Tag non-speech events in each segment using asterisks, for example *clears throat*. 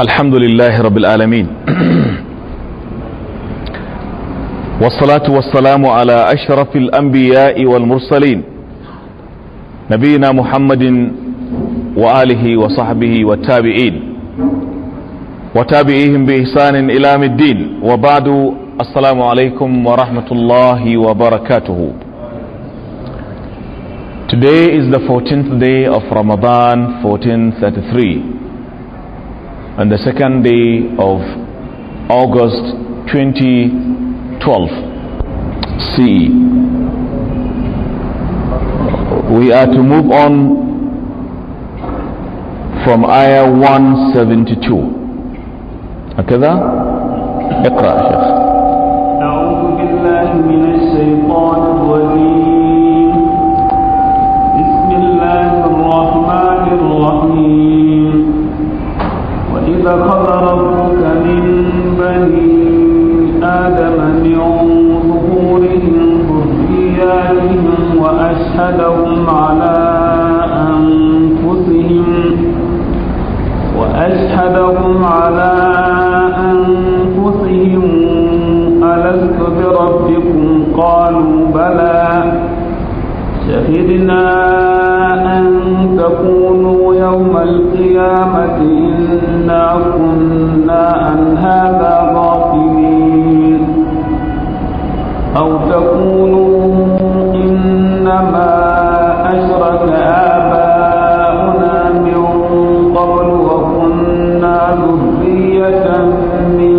الحمد لله رب العالمين والصلاة والسلام على أشرف الأنبياء والمرسلين نبينا محمد وآله وصحبه والتابعين وتابعيهم بإحسان إلى الدين وبعد السلام عليكم ورحمة الله وبركاته Today is the 14th day of Ramadan 1433 and the second day of August 2012 CE. We are to move on from ayah 172. هكذا اقرأ شيخ اتخذ ربك من بني آدم من ظهورهم ذرياتهم وأشهدهم على أنفسهم وأشهدهم على أنفسهم ألست بربكم قالوا بلى شهدنا أن تكونوا يوم القيامة إنا كنا أن هذا باطلين أو تقولوا إنما أشرك آباؤنا من قبل وكنا ذرية من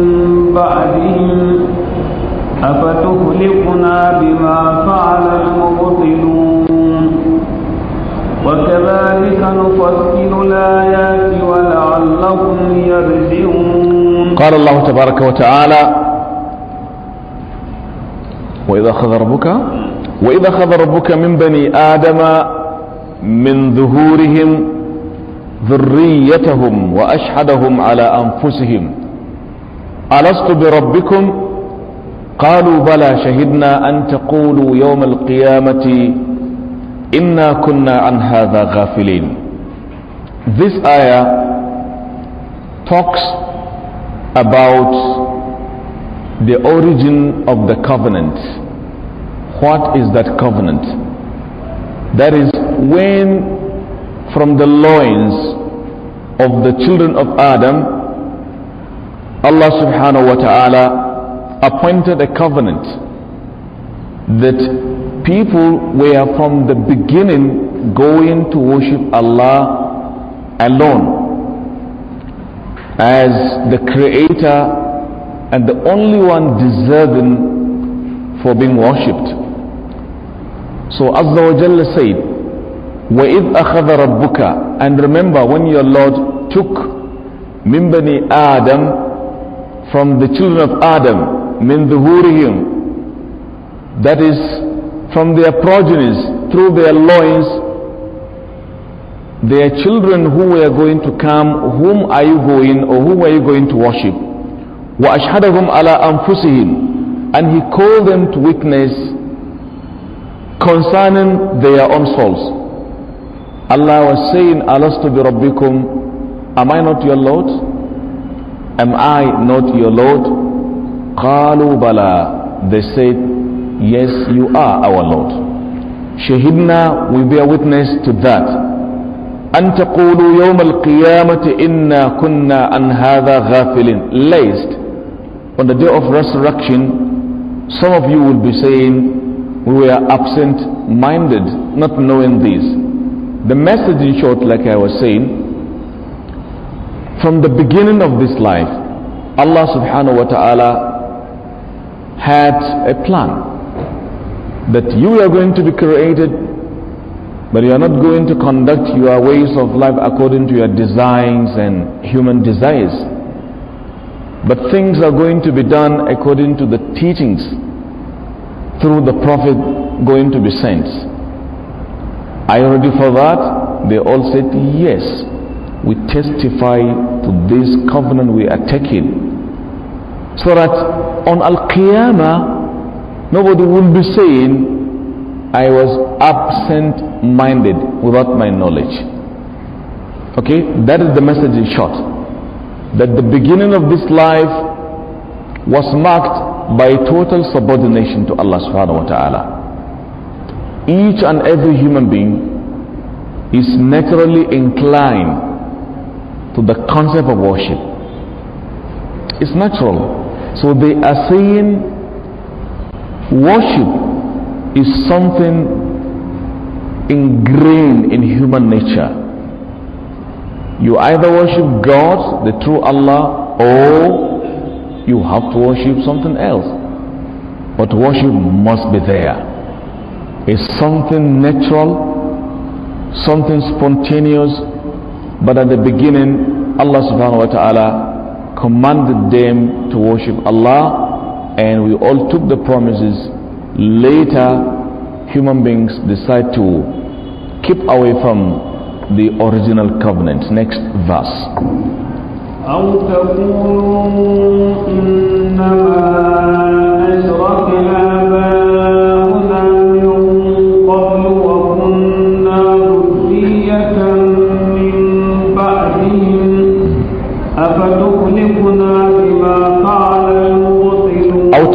بعدهم أفتهلكنا بما فعل المبطلون وكذلك نفصل الآيات لعلهم يرجعون قال الله تبارك وتعالى وإذا أخذ ربك وإذا أخذ ربك من بني آدم من ظهورهم ذريتهم وأشهدهم على أنفسهم ألست بربكم قالوا بلى شهدنا أن تقولوا يوم القيامة إنا كنا عن هذا غافلين This ayah talks about the origin of the covenant. What is that covenant? That is when from the loins of the children of Adam, Allah subhanahu wa ta'ala appointed a covenant that people were from the beginning going to worship Allah alone as the creator and the only one deserving for being worshipped. So Azza wa Jalla said, وَإِذْ أَخَذَ رَبُّكَ And remember when your Lord took min Adam from the children of Adam, min dhuhurihim, that is from their progenies, through their loins, their children who were going to come, whom are you going or whom are you going to worship? وَأَشْهَدَهُمْ عَلَىٰ أَنفُسِهِمْ And he called them to witness concerning their own souls. Allah was saying, Alastu bi Rabbikum, am I not your Lord? Am I not your Lord? قَالُوا بَلَىٰ They said, yes, you are our Lord. Shahidna, we bear witness to that. أن تقولوا يوم القيامة إنا كنا عن هذا غافلين Lest on the day of resurrection some of you will be saying we were absent minded not knowing this the message in short like I was saying from the beginning of this life Allah subhanahu wa ta'ala had a plan that you are going to be created but you are not going to conduct your ways of life according to your designs and human desires. But things are going to be done according to the teachings through the prophet going to be sent. Are you ready for that? They all said, Yes. We testify to this covenant we are taking. So that on Al Qiyamah, nobody will be saying, I was absent minded without my knowledge. Okay, that is the message in short. That the beginning of this life was marked by total subordination to Allah subhanahu wa ta'ala. Each and every human being is naturally inclined to the concept of worship. It's natural. So they are saying worship is something ingrained in human nature. You either worship God, the true Allah, or you have to worship something else. But worship must be there. It's something natural, something spontaneous, but at the beginning, Allah subhanahu wa ta'ala commanded them to worship Allah, and we all took the promises later human beings decide to keep away from the original covenant next verse أو تقولوا إنما أشرك آباؤنا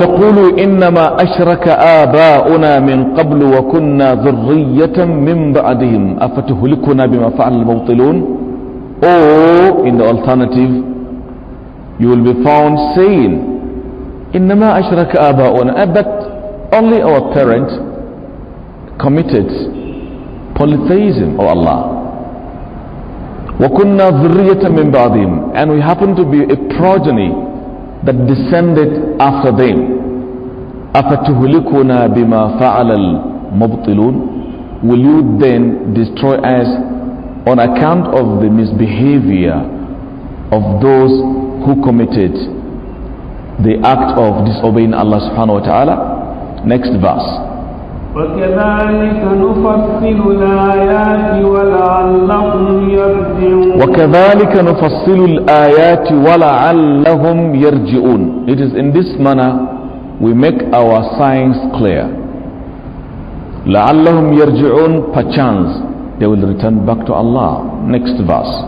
وقولوا إنما أشرك آباؤنا من قبل وكنا ذرية من بعدهم أفتهلكنا بما فعل المبطلون or in the alternative you will be found saying إنما أشرك آباؤنا but only our parents committed polytheism of Allah وكنا ذرية من بعضهم and we happen to be a progeny that descended after them أفتهلكنا بما فعل المبطلون Will you then destroy us on account of the misbehavior of those who committed the act of disobeying Allah subhanahu wa ta'ala? Next verse. وكذلك نفصل الآيات ولعلهم يرجعون وكذلك نفصل الآيات ولعلهم يرجعون It is in this manner we make our signs clear. لَعَلَّهُمْ يَرْجِعُونَ Perchance they will return back to Allah. Next verse.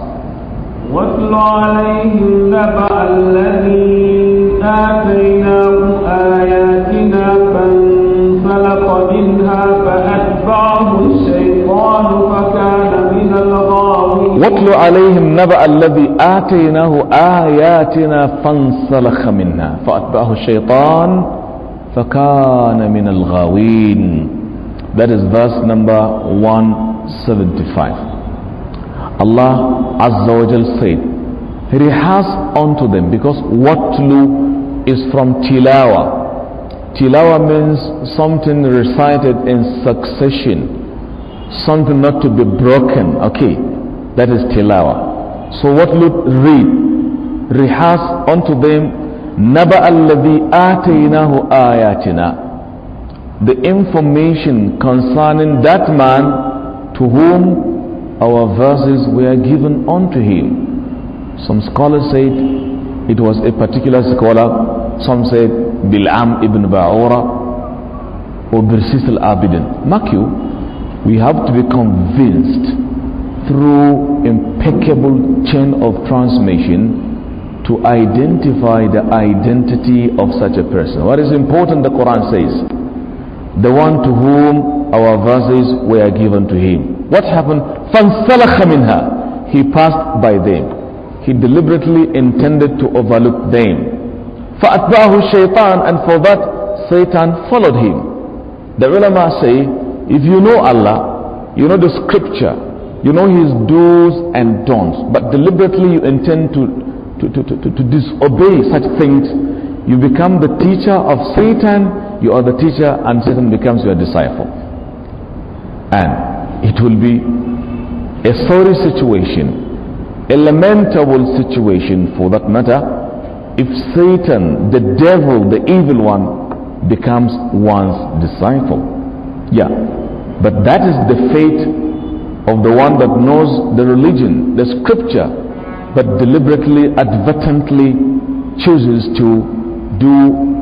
واتل عليهم نبأ الذي آتيناه آياتنا فانسلخ منها فأتبعه الشيطان فكان من الغاوين واتل عليهم نبأ الذي آتيناه آياتنا فانسلخ منها فأتبعه الشيطان فكان من الغاوين that is verse number 175 Allah Azza wa Jal said "Rihas unto them because watlu is from tilawa tilawa means something recited in succession something not to be broken okay that is tilawa so what read rehearse unto them naba alladhi atainahu ayatina the information concerning that man to whom our verses were given unto him some scholars said it was a particular scholar some said bil'am ibn ba'ura or birsis al-abidin mark you we have to be convinced through impeccable chain of transmission to identify the identity of such a person. What is important, the Quran says, the one to whom our verses were given to him. What happened? فَانْسَلَخَ مِنْهَا He passed by them. He deliberately intended to overlook them. فَأَتْبَعُهُ shaitan And for that, Satan followed him. The ulama say, if you know Allah, you know the scripture, you know his do's and don'ts, but deliberately you intend to to, to, to, to disobey such things, you become the teacher of Satan, you are the teacher, and Satan becomes your disciple. And it will be a sorry situation, a lamentable situation for that matter, if Satan, the devil, the evil one, becomes one's disciple. Yeah, but that is the fate of the one that knows the religion, the scripture, but deliberately, advertently chooses to do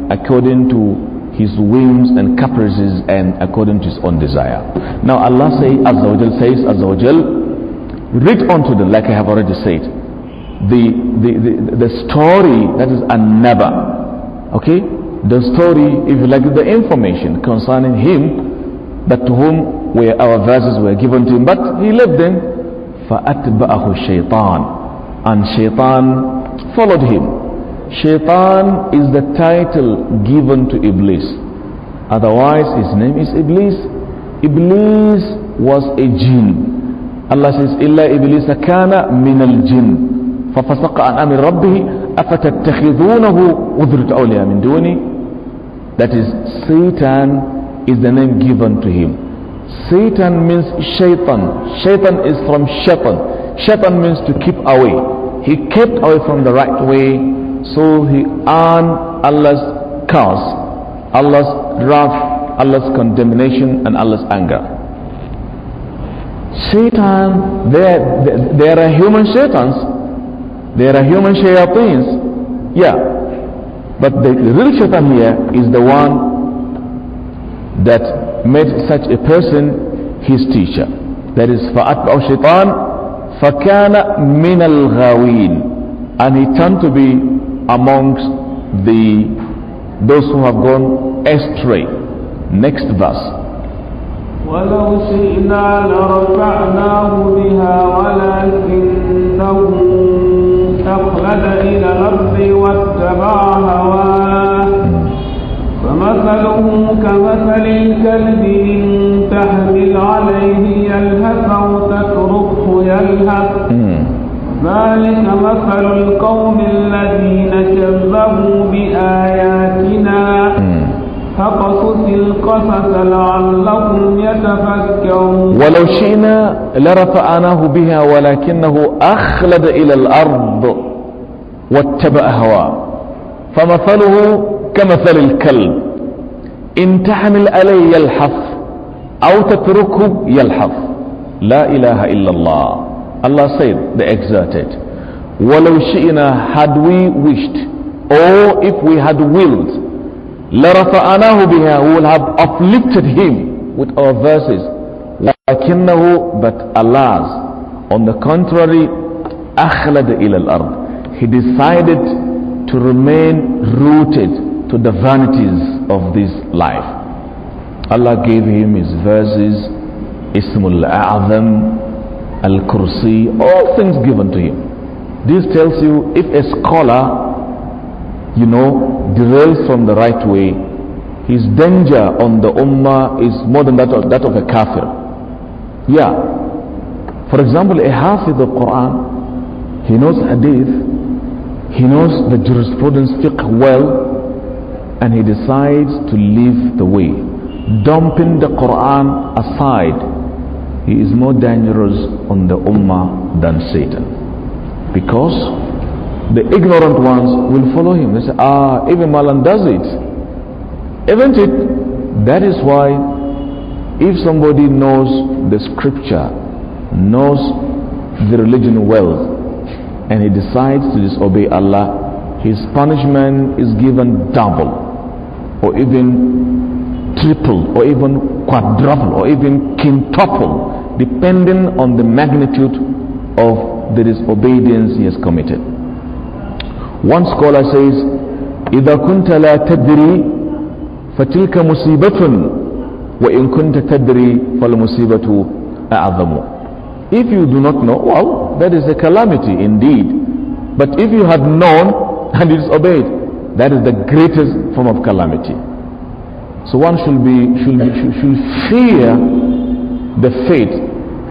according to his whims and caprices and according to his own desire. Now Allah say, Azawajal says, Azawajal, read on to them, like I have already said, the, the, the, the story that a never. okay? The story, if you like, the information concerning him, that to whom were our verses were given to him, but he left them, فَأَتْبَأَهُ الشَّيْطَانِ and shaitan followed him. Shaitan is the title given to Iblis. Otherwise, his name is Iblis. Iblis was a jinn. Allah says, إِلَّا إِبْلِيسَ كَانَ مِنَ الْجِنِّ فَفَسَقَ عَنْ أَمْرِ رَبِّهِ أَفَتَتَّخِذُونَهُ وَذُرِّيَّةَ أَوْلِيَاءَ مِنْ دُونِي That is, Satan is the name given to him. Satan means shaitan. Shaitan is from shaitan. Shaitan means to keep away he kept away from the right way, so he earned Allah's curse, Allah's wrath, Allah's condemnation, and Allah's anger. Satan, there, there, are human Satans, there are human shayateens, yeah. But the real shaitan here is the one that made such a person his teacher. That is, فَأَتْبَعُ الشَّيْطَانِ فكان من الغاوين and he turned to be amongst the those who have gone astray next verse ولو شئنا لرفعناه بها ولكنه أخلد إلى الأرض واتبع هواه فمثله كمثل الكلب إن تحمل عليه يلهث أو الحق ذلك مثل القوم الذين كذبوا بآياتنا فقصص القصص لعلهم يتفكرون ولو شئنا لرفعناه بها ولكنه أخلد إلى الأرض واتبع هواه فمثله كمثل الكلب إن تحمل عليه يلحف أو تتركه يلحف La ilaha illallah. Allah said, the exerted. وَلَوْ shi'ina had we wished, or if we had willed, لَرَفَعَنَاهُ بِهَا We will have uplifted him with our verses. وَلَكِنَّهُ But Allah's, on the contrary, أَخْلَدَ إِلَى الْأَرْضِ He decided to remain rooted to the vanities of this life. Allah gave him his verses Ismul A'azam, Al Kursi, all things given to him. This tells you if a scholar, you know, derails from the right way, his danger on the Ummah is more than that of, that of a kafir. Yeah. For example, a half of the Quran, he knows hadith, he knows the jurisprudence fiqh well, and he decides to leave the way dumping the Quran aside he is more dangerous on the ummah than Satan. Because the ignorant ones will follow him. They say, ah, even Malan does it. Isn't it? That is why if somebody knows the scripture, knows the religion well, and he decides to disobey Allah, his punishment is given double or even triple or even quadruple or even quintuple depending on the magnitude of the disobedience he has committed. One scholar says, إذا كنت لا تدري فتلك مصيبة وإن كنت تدري فالمصيبة أعظم. If you do not know, well, that is a calamity indeed. But if you had known *laughs* and disobeyed, that is the greatest form of calamity. So one should be should, be, should, should fear the fate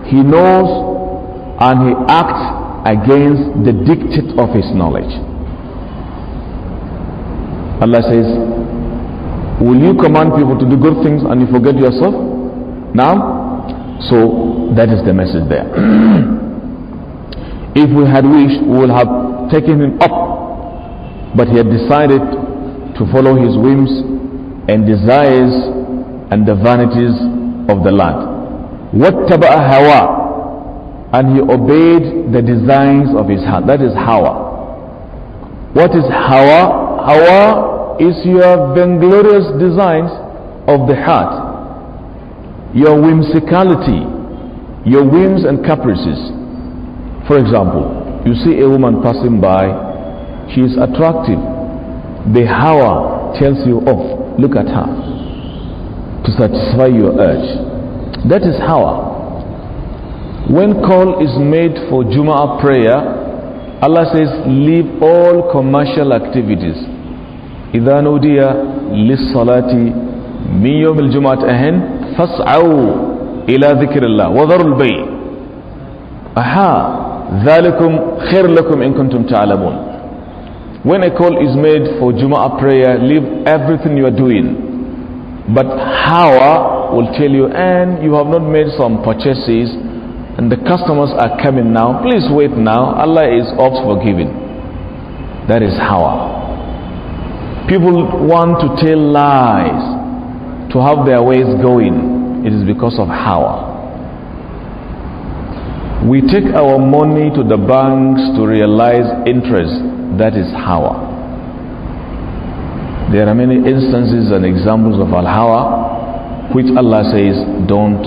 he knows and he acts against the dictate of his knowledge. Allah says, Will you command people to do good things and you forget yourself? Now, so that is the message there. *clears throat* if we had wished, we would have taken him up, but he had decided to follow his whims and desires and the vanities of the land wattaba hawa and he obeyed the designs of his heart that is hawa what is hawa hawa is your vainglorious designs of the heart your whimsicality your whims and caprices for example you see a woman passing by she is attractive the hawa tells you off oh, look at her to satisfy your urge that is how. Ah, when call is made for Jumu'ah prayer, Allah says, leave all commercial activities. إذا نودي للصلاة من يوم الجمعة أهن فاسعوا إلى ذكر الله وذروا البيع. Aha, ذلكم خير لكم إن كنتم تعلمون. When a call is made for Jumu'ah prayer, leave everything you are doing. But how ah, will tell you and you have not made some purchases and the customers are coming now please wait now allah is oft forgiving that is hawa people want to tell lies to have their ways going it is because of hawa we take our money to the banks to realize interest that is hawa there are many instances and examples of al-hawa which Allah says don't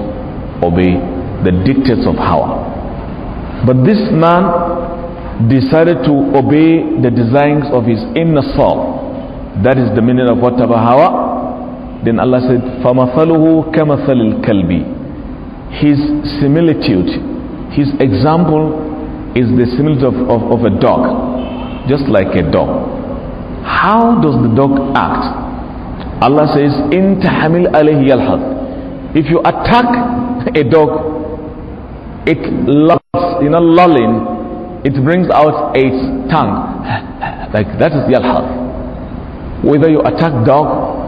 obey the dictates of Hawa. But this man decided to obey the designs of his inner soul. That is the meaning of whatever Hawa. Then Allah said, فَمَثَلُهُ كَمَثَلِ الْكَلْبِ His similitude, his example is the similitude of, of, of a dog. Just like a dog. How does the dog act? Allah says, In taamil alayhi yalhad. If you attack a dog, it lolls, you know, lolling, it brings out its tongue. *laughs* like that is yalhad. Whether you attack dog,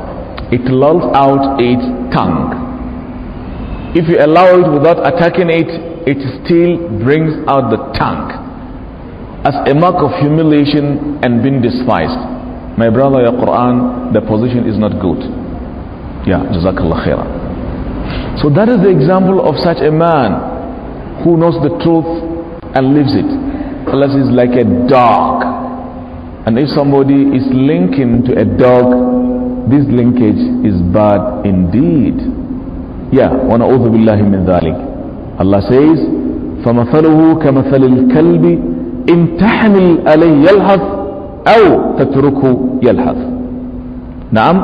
it lolls out its tongue. If you allow it without attacking it, it still brings out the tongue as a mark of humiliation and being despised. My brother, your Quran, the position is not good. Yeah, Jazakallah khairah. So that is the example of such a man who knows the truth and lives it. Unless he's like a dog. And if somebody is linking to a dog, this linkage is bad indeed. Yeah, وَنَعُوذُ بِاللَّهِ مِنْ ذَلِكَ Allah says, فَمَثَلُهُ كَمَثَلِ الْكَلْبِ إِنْ تَحْمِلْ عَلَيْهِ يَلْهَثْ أو تتركه يلهث نعم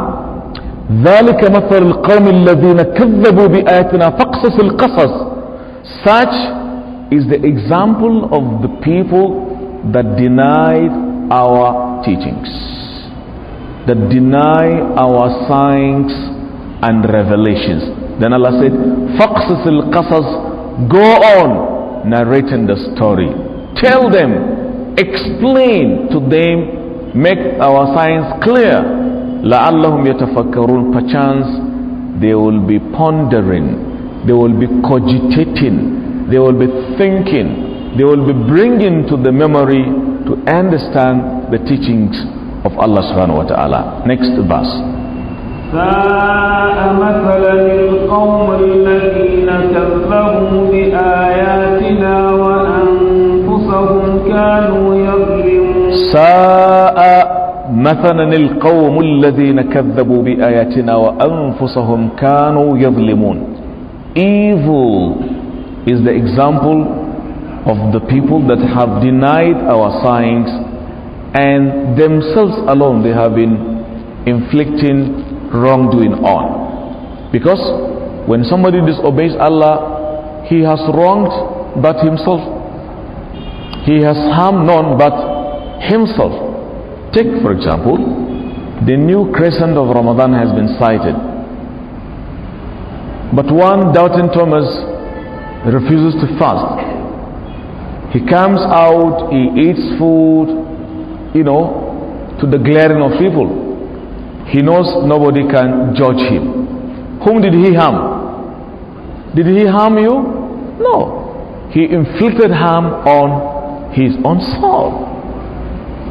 ذلك مثل القوم الذين كذبوا بآياتنا القصص such is the example of the people that denied our teachings that deny our signs and revelations then Allah said go on narrating the story tell them explain to them, make our science clear. لَعَلَّهُمْ يَتَفَكَّرُونَ Perchance they will be pondering, they will be cogitating, they will be thinking, they will be bringing to the memory to understand the teachings of Allah subhanahu wa ta'ala. Next verse. ساء مثلا القوم الذين كذبوا بآياتنا وأنفسهم كانوا يظلمون Evil is the example of the people that have denied our signs and themselves alone they have been inflicting wrongdoing on. Because when somebody disobeys Allah, he has wronged but himself. He has harmed none but himself. Take, for example, the new crescent of Ramadan has been cited. But one doubting Thomas refuses to fast. He comes out, he eats food, you know, to the glaring of people. He knows nobody can judge him. Whom did he harm? Did he harm you? No. He inflicted harm on his own soul.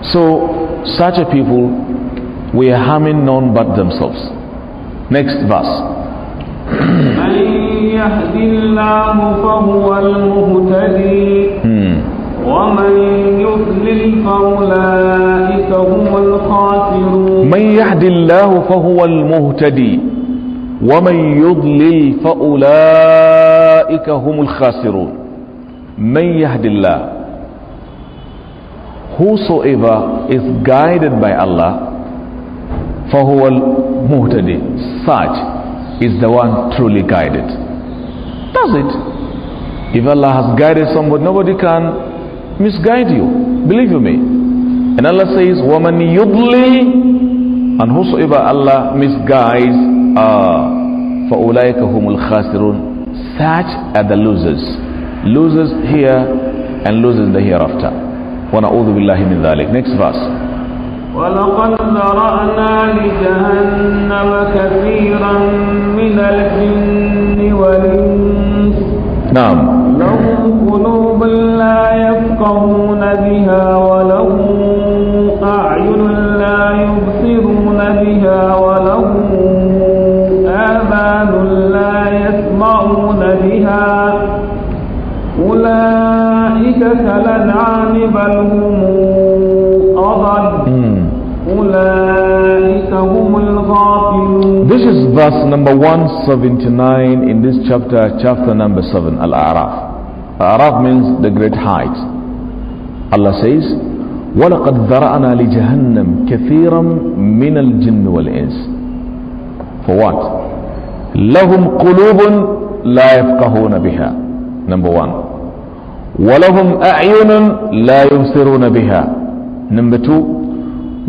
So such a people were harming none but themselves. Next verse. من يهد hmm. الله فهو المهتدي ومن يضلل فأولئك هم الخاسرون من يهد الله فهو المهتدي ومن يضلل فأولئك هم الخاسرون من يهد الله whosoever is guided by Allah فهو muhtadi, such is the one truly guided does it if Allah has guided somebody nobody can misguide you believe you me and Allah says woman yudli and whosoever Allah misguides uh, فأولئك هم الخاسرون such are the losers losers here and losers the hereafter ونعوذ بالله من ذلك next verse ولقد ذرأنا لجهنم كثيرا من الجن والإنس نعم لهم قلوب لا يفقهون بها أضل أولئك هم الغافلون This is verse number 179 in this chapter, chapter number 7, Al-A'raf. Al-A'raf means the great height. Allah says, ولقد ذرأنا لجهنم كثيرا من الجن والإنس For what? لهم قلوب لا يفقهون بها Number one ولهم أعين لا يبصرون بها Number two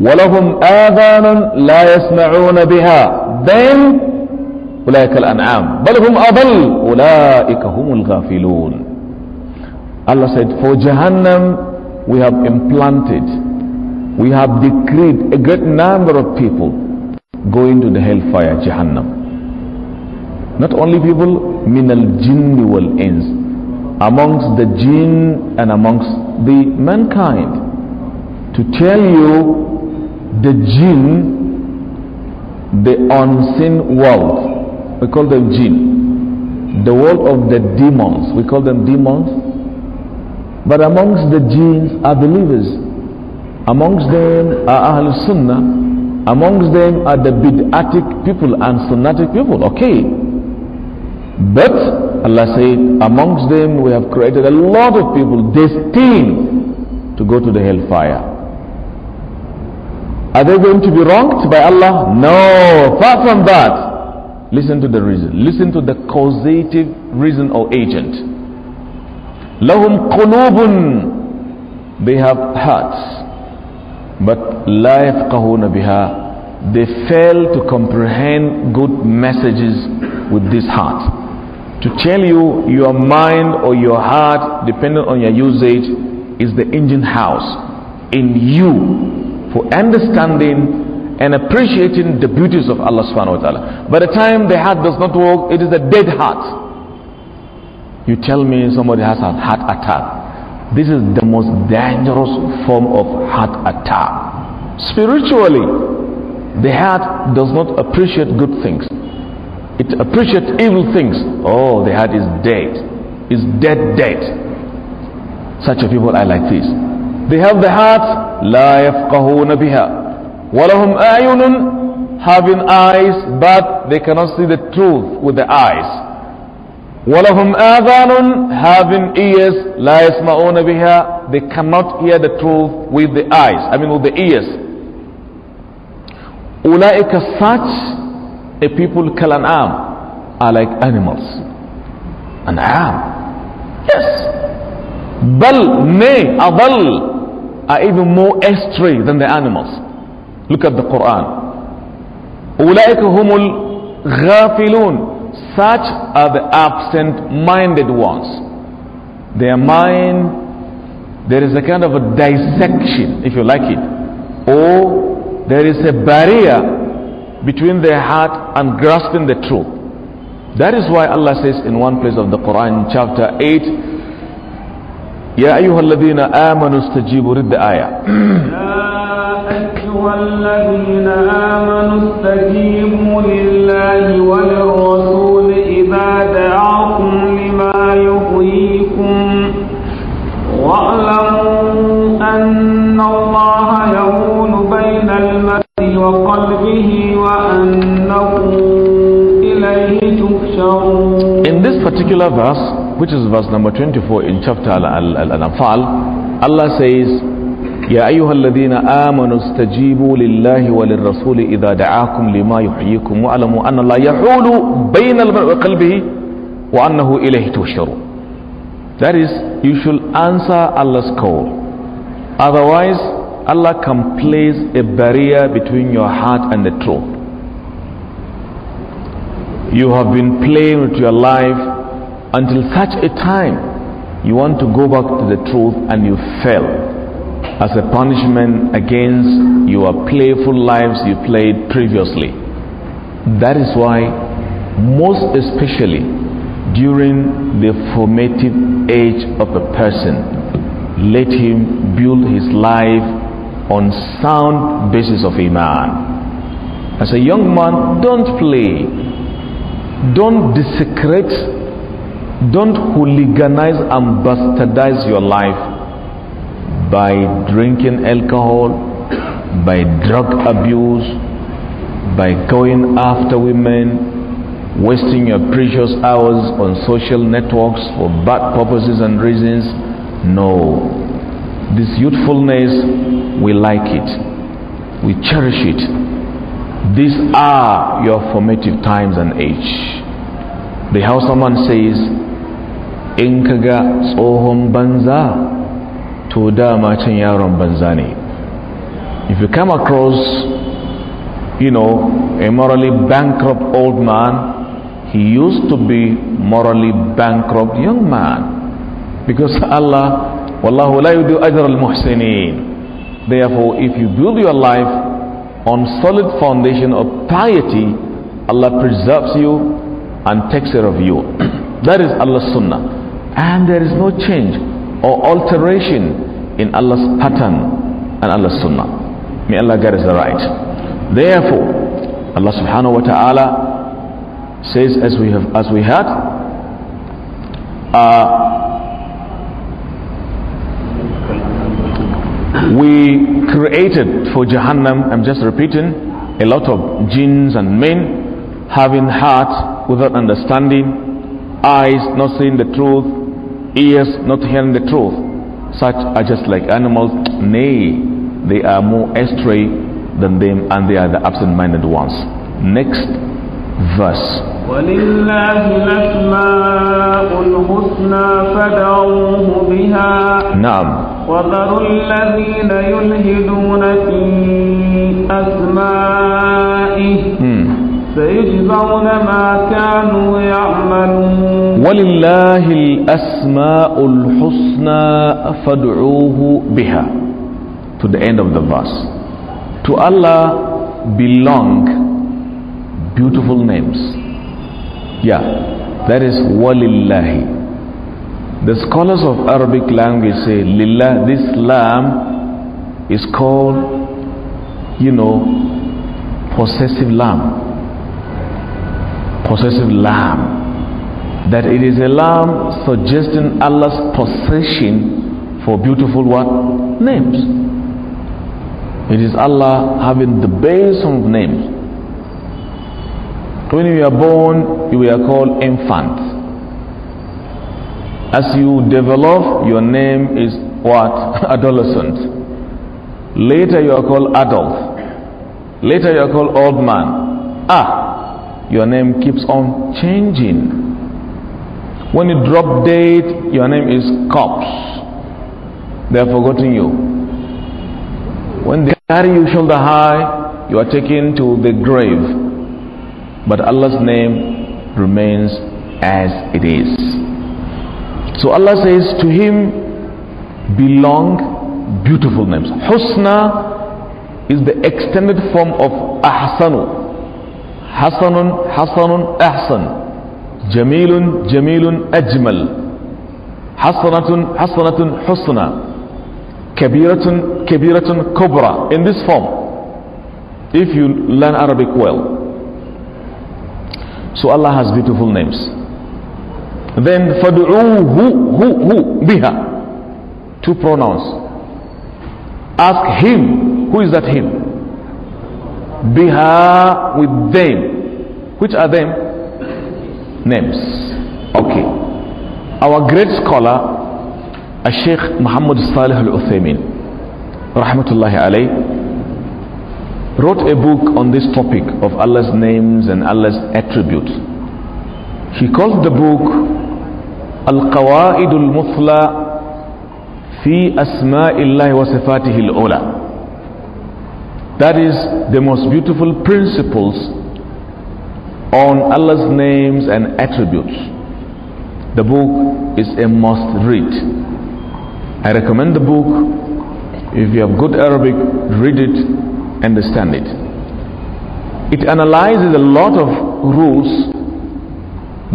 ولهم آذان لا يسمعون بها Then أولئك الأنعام بل هم أضل أولئك هم الغافلون Allah said for Jahannam we have implanted we have decreed a great number of people going to the hellfire Jahannam not only people من الجن والإنس amongst the jinn and amongst the mankind to tell you the jinn the unseen world we call them jinn the world of the demons we call them demons but amongst the jinns are believers amongst them are ahl sunnah amongst them are the bid'atic people and sunnatic people okay but Allah said, amongst them we have created a lot of people destined to go to the hellfire. Are they going to be wronged by Allah? No, far from that. Listen to the reason. Listen to the causative reason or agent. Lahum qulubun They have hearts. But لا kahuna biha They fail to comprehend good messages with this heart to tell you your mind or your heart, depending on your usage, is the engine house in you for understanding and appreciating the beauties of Allah subhanahu wa ta'ala. By the time the heart does not work, it is a dead heart. You tell me somebody has a heart attack. This is the most dangerous form of heart attack. Spiritually, the heart does not appreciate good things it appreciates evil things. Oh, the heart is dead. It's dead, dead. Such a people are like this. They have the heart, لا يفقهون بها. وَلَهُمْ أَعْيُنٌ Having eyes, but they cannot see the truth with the eyes. وَلَهُمْ آذَانٌ Having ears, لا يسمعون بها. They cannot hear the truth with the eyes. I mean with the ears. أولئك such a people kal an am are like animals. An am. Yes. Bal, nay, adal are even more astray than the animals. Look at the Quran. أولئك هم الغافلون such are the absent-minded ones. Their mind, there is a kind of a dissection, if you like it, or there is a barrier between their heart and grasping the truth. That is why Allah says in one place of the Quran, chapter 8, يا أيها الذين آمنوا استجيبوا رد آية يا particular verse, which is verse number 24 in chapter Al-Anfal, Allah says, يا أيها الذين آمنوا استجيبوا لله وللرسول إذا دعاكم لما يحييكم واعلموا أن الله يحول بين المرء وقلبه وأنه إليه That is, you should answer Allah's call. Otherwise, Allah can place a barrier between your heart and the truth. You have been playing with your life until such a time you want to go back to the truth and you fail as a punishment against your playful lives you played previously. That is why, most especially during the formative age of a person, let him build his life on sound basis of iman. As a young man, don't play, don't desecrate don't hooliganize and bastardize your life by drinking alcohol, by drug abuse, by going after women, wasting your precious hours on social networks for bad purposes and reasons. No. This youthfulness, we like it, we cherish it. These are your formative times and age the Hausa man says in ka tsohon banza to dama can yaron banza ne if you come across you know a morally bankrupt old man he used to be morally bankrupt young man because *laughs* Allah wallahu la yudu ajr al muhsineen. therefore if you build your life on solid foundation of piety Allah preserves you and takes care of you. *clears throat* that is Allah's sunnah. And there is no change or alteration in Allah's pattern and Allah's sunnah. May Allah guide us right. Therefore, Allah subhanahu wa ta'ala says as we have as we had uh, we created for Jahannam, I'm just repeating, a lot of jinns and men having hearts without understanding, eyes not seeing the truth, ears not hearing the truth. Such are just like animals, nay, they are more astray than them, and they are the absent minded ones. Next verse. نعم سيجزون ما كانوا يعملون ولله الأسماء الحسنى فادعوه بها to the end of the verse to Allah belong beautiful names yeah that is walillahi the scholars of Arabic language say lillah this lamb is called you know possessive lamb possessive lamb. That it is a lamb suggesting Allah's possession for beautiful what? Names. It is Allah having the base of names. When you are born, you are called infant. As you develop, your name is what? *laughs* Adolescent. Later you are called adult. Later you are called old man. Ah, your name keeps on changing. When you drop dead, your name is corpse. They have forgotten you. When they carry you shoulder high, you are taken to the grave. But Allah's name remains as it is. So Allah says to him, belong beautiful names. Husna is the extended form of Ahsanu. حسن حسن أحسن جميل جميل أجمل حسنة حسنة حسنى كبيرة كبيرة كبرى in this form if you learn Arabic well so Allah has beautiful names then فَدْعُوهُ هُ biha two pronouns ask him who is that him biha with them which are them names okay our great scholar a Sheikh Muhammad Salih Al-Uthaymin rahmatullahi alayh wrote a book on this topic of Allah's names and Allah's attributes he called the book al qawaidul Al-Muthla Fi Asmaillahi الله وصفاته ula that is the most beautiful principles on Allah's names and attributes. The book is a must read. I recommend the book. If you have good Arabic, read it, understand it. It analyzes a lot of rules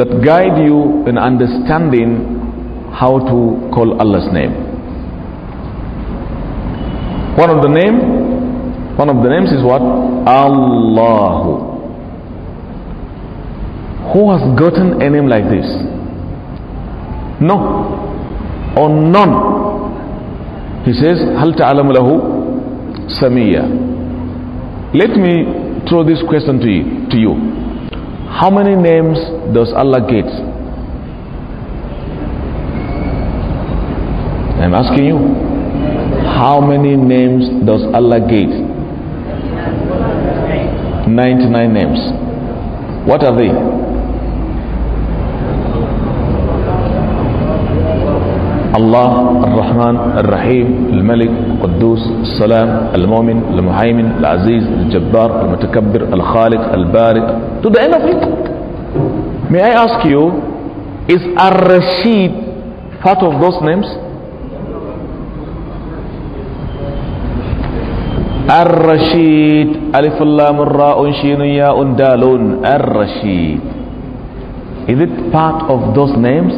that guide you in understanding how to call Allah's name. One of the name one of the names is what? Allah. Who has gotten a name like this? No. Or none. He says, Hal ta'alamu lahu samiya. Let me throw this question to you, to you. How many names does Allah get? I'm asking you. How many names does Allah get? 99 names. What are they? Allah, Ar-Rahman, Ar-Rahim, Al-Malik, al qudus Al-Salam, Al-Mu'min, Al-Muhaymin, Al-Aziz, Al-Jabbar, Al-Mutakabbir, Al-Khaliq, Al-Bari. To the end of it. May I ask you, is Ar-Rashid part of those names? Alif Lam لام راء شين ياء دال rashid Is it part of those names?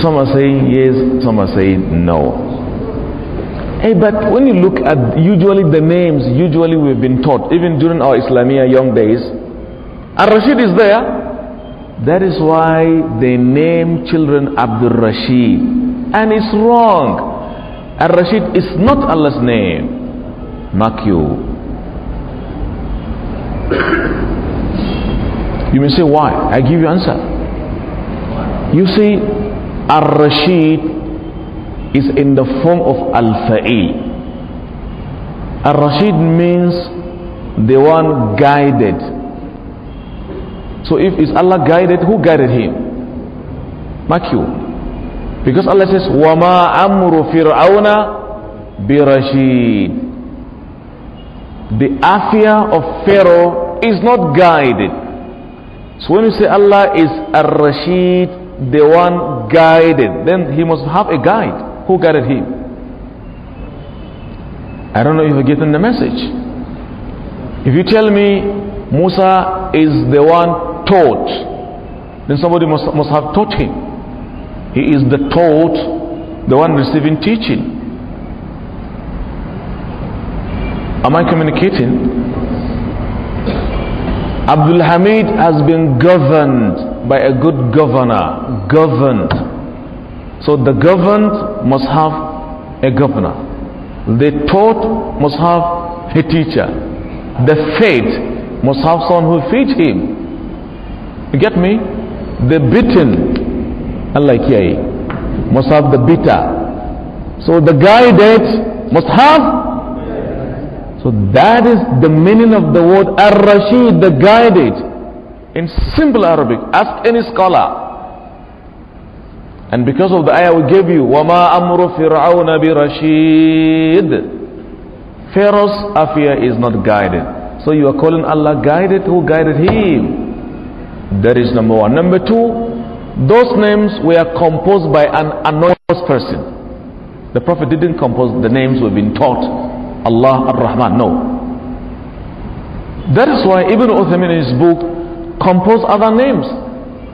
Some are saying yes, some are saying no. Hey, but when you look at usually the names, usually we've been taught, even during our Islamia young days, Ar-Rashid is there. That is why they name children Abdul Rashid. And it's wrong. Ar-Rashid is not Allah's name. Mark you. You may say, why? I give you answer. You see, Ar-Rashid is in the form of Al-Fa'il. Ar-Rashid means the one guided. So if it's Allah guided, who guided him? Mark you. Because Allah says, وَمَا أَمْرُ فِرْعَوْنَ بِرَشِيدٍ The affair of Pharaoh is not guided. So when you say Allah is Ar-Rashid, the one guided, then he must have a guide. Who guided him? I don't know if you're getting the message. If you tell me Musa is the one taught, then somebody must, must have taught him. He is the taught, the one receiving teaching. Am I communicating? Abdul Hamid has been governed by a good governor. Governed. So the governed must have a governor. The taught must have a teacher. The fed must have someone who feeds him. You get me? The beaten Allah kiyaye must have the bitter so the guy that must have so that is the meaning of the word ar-rashid the guided in simple Arabic ask any scholar and because of the ayah we gave you wama amru fir'auna bi rashid Pharaoh's affair is not guided. So you are calling Allah guided. Who guided him? That is number one. Number two, those names were composed by an anonymous person. The Prophet didn't compose the names we've been taught. Allah Ar-Rahman. No. That is why Ibn Uthaymin in his book composed other names.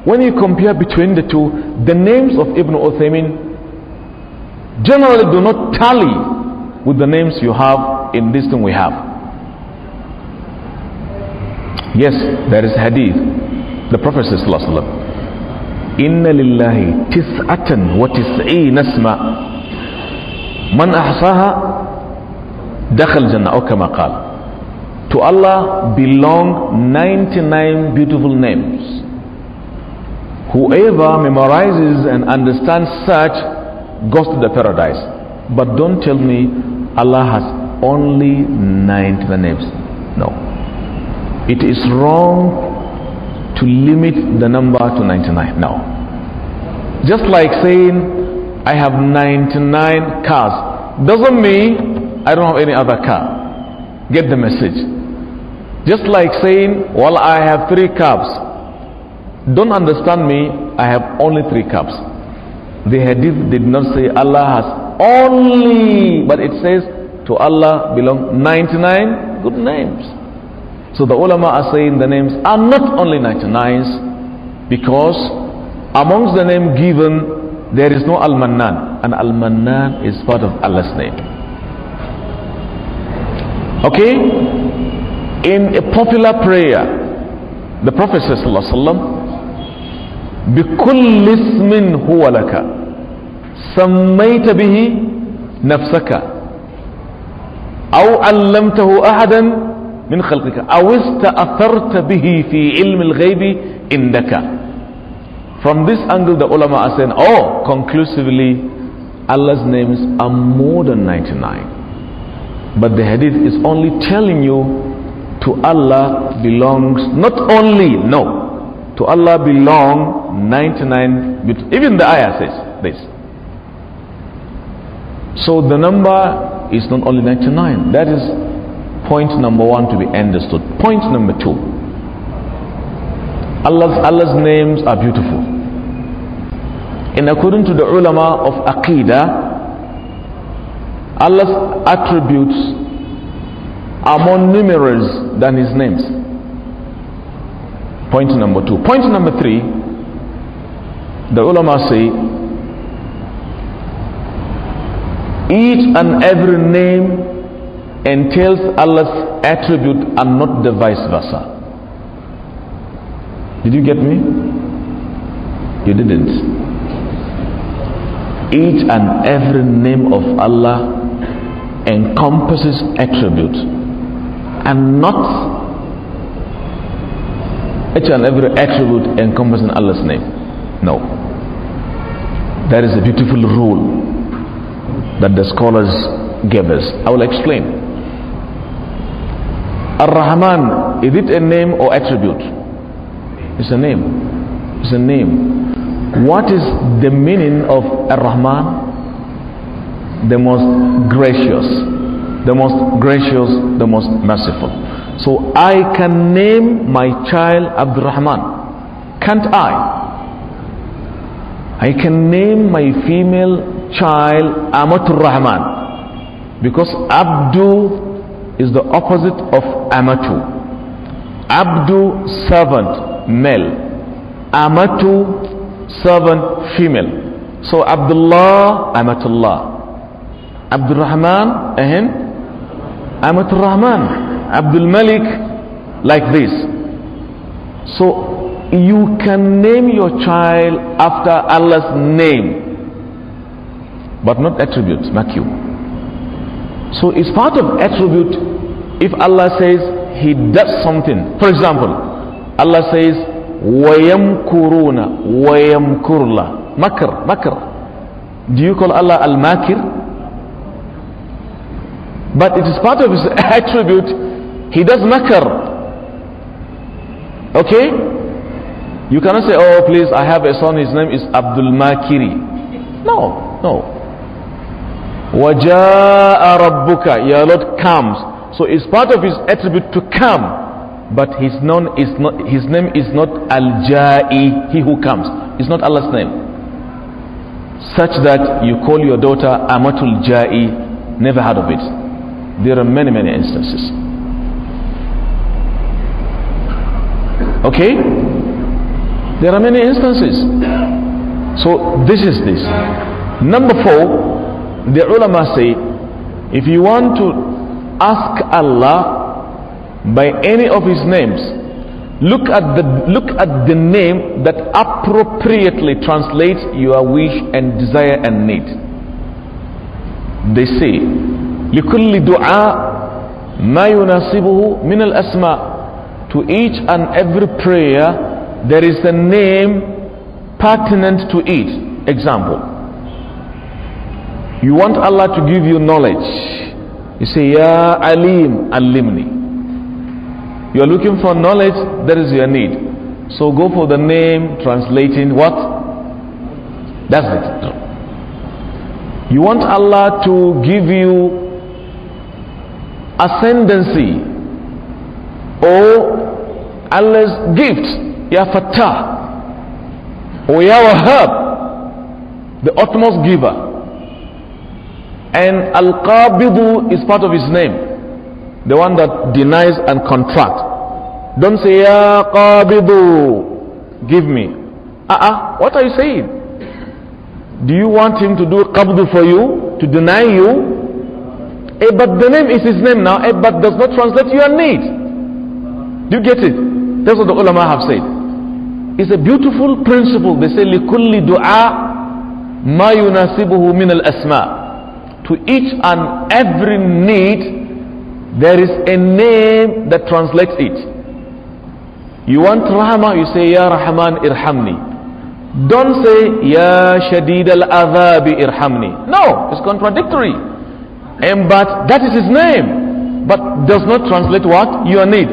When you compare between the two, the names of Ibn Uthaymin generally do not tally with the names you have in this thing we have. Yes, there is hadith. The Prophet sallallahu alaihi wasallam إن لله تسعة وتسعين اسما من أحصاها دخل الجنة أو كما قال To Allah belong 99 beautiful names. Whoever memorizes and understands such goes to the paradise. But don't tell me Allah has only 99 names. No. It is wrong to limit the number to 99. No. Just like saying, I have 99 cars. Doesn't mean I don't have any other car. Get the message. Just like saying, Well, I have three cups. Don't understand me, I have only three cups. The hadith did not say Allah has only, but it says to Allah belong 99 good names. So the ulama are saying the names are not only 99 because amongst the name given there is no Al-Mannan and Al-Mannan is part of Allah's name. Okay? In a popular prayer, the Prophet wasallam, بكل اسم هو لك سميت به نفسك أو علمته أحداً من خلقك أو استأثرت به في علم الغيب عندك From this angle the ulama are saying, oh, conclusively Allah's names are more than 99. But the hadith is only telling you to Allah belongs not only, no, to Allah belong 99, even the ayah says this. So the number is not only 99, that is Point number one to be understood. Point number two Allah's, Allah's names are beautiful. And according to the ulama of Aqidah, Allah's attributes are more numerous than his names. Point number two. Point number three the ulama say each and every name entails Allah's attribute and not the vice versa. Did you get me? You didn't. Each and every name of Allah encompasses attribute and not each and every attribute encompassing Allah's name. No. That is a beautiful rule that the scholars gave us. I will explain. Ar-Rahman, is it a name or attribute? It's a name. It's a name. What is the meaning of Ar-Rahman? The most gracious, the most gracious, the most merciful. So I can name my child Abdurrahman. Can't I? I can name my female child Amatur Rahman because Abdu is the opposite of amatu. Abdu, servant, male. Amatu, servant, female. So Abdullah, Amatullah. Abdul Rahman, ahem, Amatul Rahman. Abdul Malik, like this. So you can name your child after Allah's name, but not attributes, Make you. So it's part of attribute if Allah says He does something. For example, Allah says, وَيَمْكُرُونَ وَيَمْكُرُ اللَّهِ Makr, makr. Do you call Allah Al-Makir? But it is part of His *laughs* attribute. He does makr. Okay? You cannot say, oh please, I have a son, his name is Abdul Makiri. No, no. وَجَاءَ رَبُّكَ Your Lord comes. So it's part of his attribute to come. But his, known is not, his name is not Al-Ja'i, he who comes. It's not Allah's name. Such that you call your daughter Amatul Ja'i, never heard of it. There are many, many instances. Okay? There are many instances. So this is this. Number four, the ulama say, if you want to ask Allah by any of his names, look at the look at the name that appropriately translates your wish and desire and need they say لكل دعاء ما يناسبه من الأسماء to each and every prayer there is a name pertinent to it example you want Allah to give you knowledge. You say, Ya Alim, Alimni. You are looking for knowledge, that is your need. So go for the name translating what? That's it. You want Allah to give you ascendancy or Allah's gift, Ya Fatah, or Ya Wahab, the utmost giver. And Al-Qabidu is part of his name. The one that denies and contracts. Don't say, Ya Qabidu, give me. Ah, uh, uh what are you saying? Do you want him to do Qabdu for you? To deny you? Eh, but the name is his name now. Eh, but does not translate your need. Do you get it? That's what the ulama have said. It's a beautiful principle. They say, لِكُلِّ دُعَاء مَا يُنَاسِبُهُ مِنَ الْأَسْمَاءِ to each and every need, there is a name that translates it. You want Rahma, you say, Ya Rahman, irhamni. Don't say, Ya Shadid al Adhabi, irhamni. No, it's contradictory. And but that is his name, but does not translate what? Your need.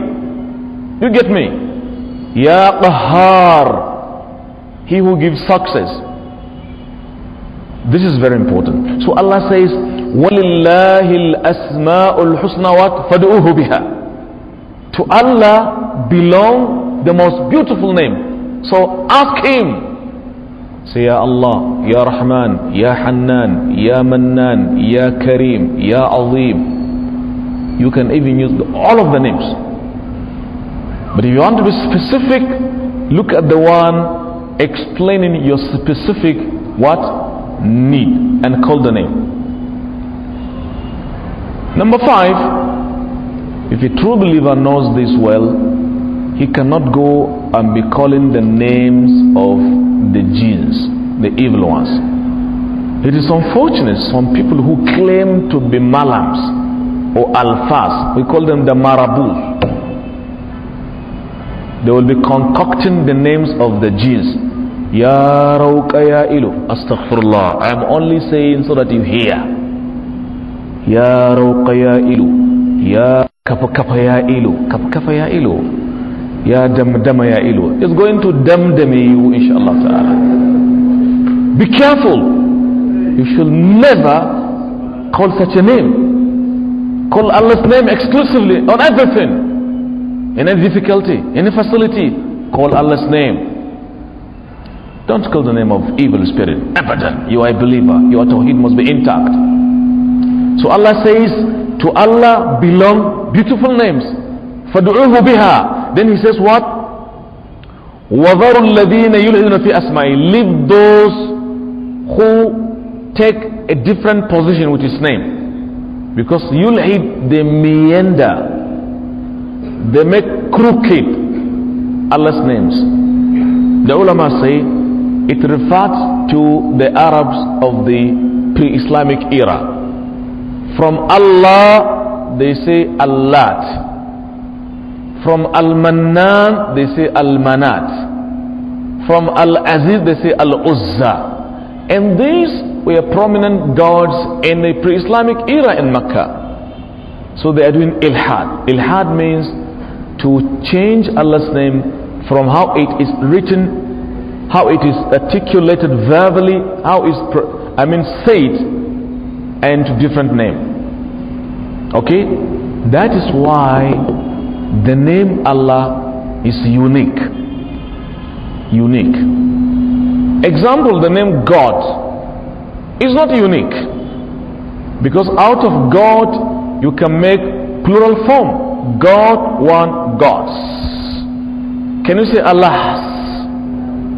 You get me? Ya Qahar, he who gives success. This is very important. So Allah says, وَلِلَّهِ الْأَسْمَاءُ الْحُسْنَى what? فَدْعُوهُ بِهَا To Allah belong the most beautiful name. So ask Him. Say, Ya Allah, Ya Rahman, Ya Hannan, Ya Mannan, Ya Kareem, Ya Azim. You can even use all of the names. But if you want to be specific, look at the one explaining your specific what? need and call the name. Number five, if a true believer knows this well, he cannot go and be calling the names of the jinns, the evil ones. It is unfortunate some people who claim to be malams or alfas, we call them the marabouts. They will be concocting the names of the jinns Ya Rauka Ya Ilu. Astaghfirullah. I'm only saying so that you hear. Ya Rauka Ya Ilu. Ya Kapa Kapa Ya Ilu. Kafa Ya Ilu. Ya Damdama Ya Ilu. It's going to damdame you inshallah ta'ala. Be careful. You should never call such a name. Call Allah's name exclusively on everything. Any difficulty, any facility, call Allah's name. Don't call the name of evil spirit. Abadan. You are a believer. Your tawheed must be intact. So Allah says, to Allah belong beautiful names. فَدُعُوهُ بِهَا Then he says what? وَذَرُ الَّذِينَ يُلْهِدُونَ فِي أَسْمَعِهِ Leave those who take a different position with his name. Because yulhid, they meander. They make crooked Allah's names. The ulama say, it refers to the Arabs of the pre-Islamic era. From Allah, they say Allat. From Al-Mannan, they say Al-Manat. From Al-Aziz, they say Al-Uzza. And these were prominent gods in the pre-Islamic era in Mecca. So they are doing Ilhad. Ilhad means to change Allah's name from how it is written how it is articulated verbally, how it's, I mean, said and different name. Okay? That is why the name Allah is unique. Unique. Example, the name God is not unique. Because out of God, you can make plural form. God, one, gods. Can you say Allah?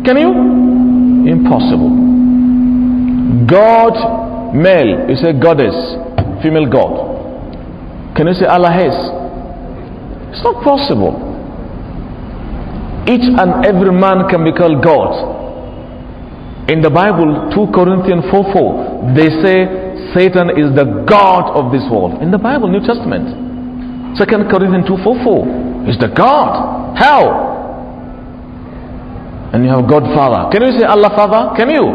Can you? Impossible. God, male, you say goddess, female God. Can you say Allah has? It's not possible. Each and every man can be called God. In the Bible, 2 Corinthians 4 4, they say Satan is the God of this world. In the Bible, New Testament, 2 Corinthians 2 4 4 is the God. How? and you have God Father. Can you say Allah Father? Can you?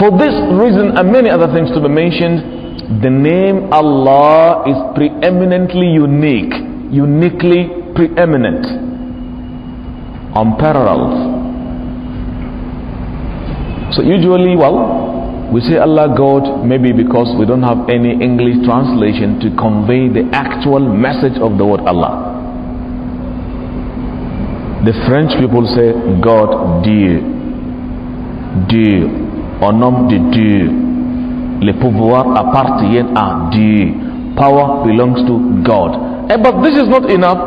For this reason and many other things to be mentioned, the name Allah is preeminently unique, uniquely preeminent, unparalleled. So usually, well, we say Allah God maybe because we don't have any English translation to convey the actual message of the word Allah. The French people say God Dieu, Dieu, au nom de Dieu. Le pouvoir appartient à Dieu. Power belongs to God. Eh, but this is not enough.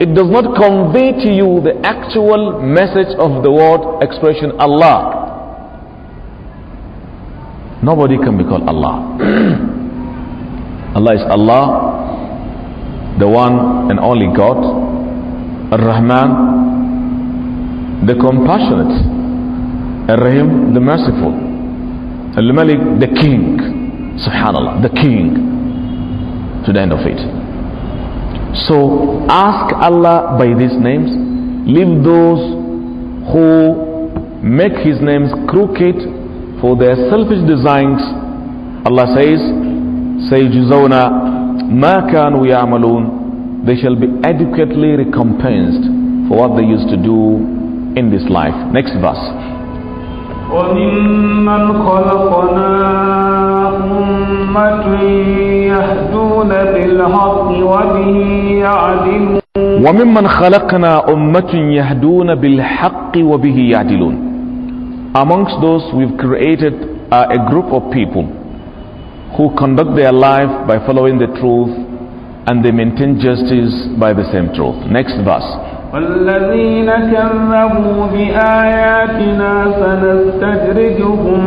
It does not convey to you the actual message of the word expression Allah. Nobody can be called Allah. *clears throat* Allah is Allah, the one and only God, Ar Rahman, the compassionate Rahim, the merciful Al-Malik, the king subhanallah the king to the end of it so ask Allah by these names leave those who make his names crooked for their selfish designs Allah says Say, سيجزون ما كانوا يعملون they shall be adequately recompensed for what they used to do in this life. Next verse. وممن خلقنا أمة يهدون بالحق وبه يعدلون Amongst those we've created are a group of people who conduct their life by following the truth and they maintain justice by the same truth. Next verse. والذين كذبوا بآياتنا سنستدرجهم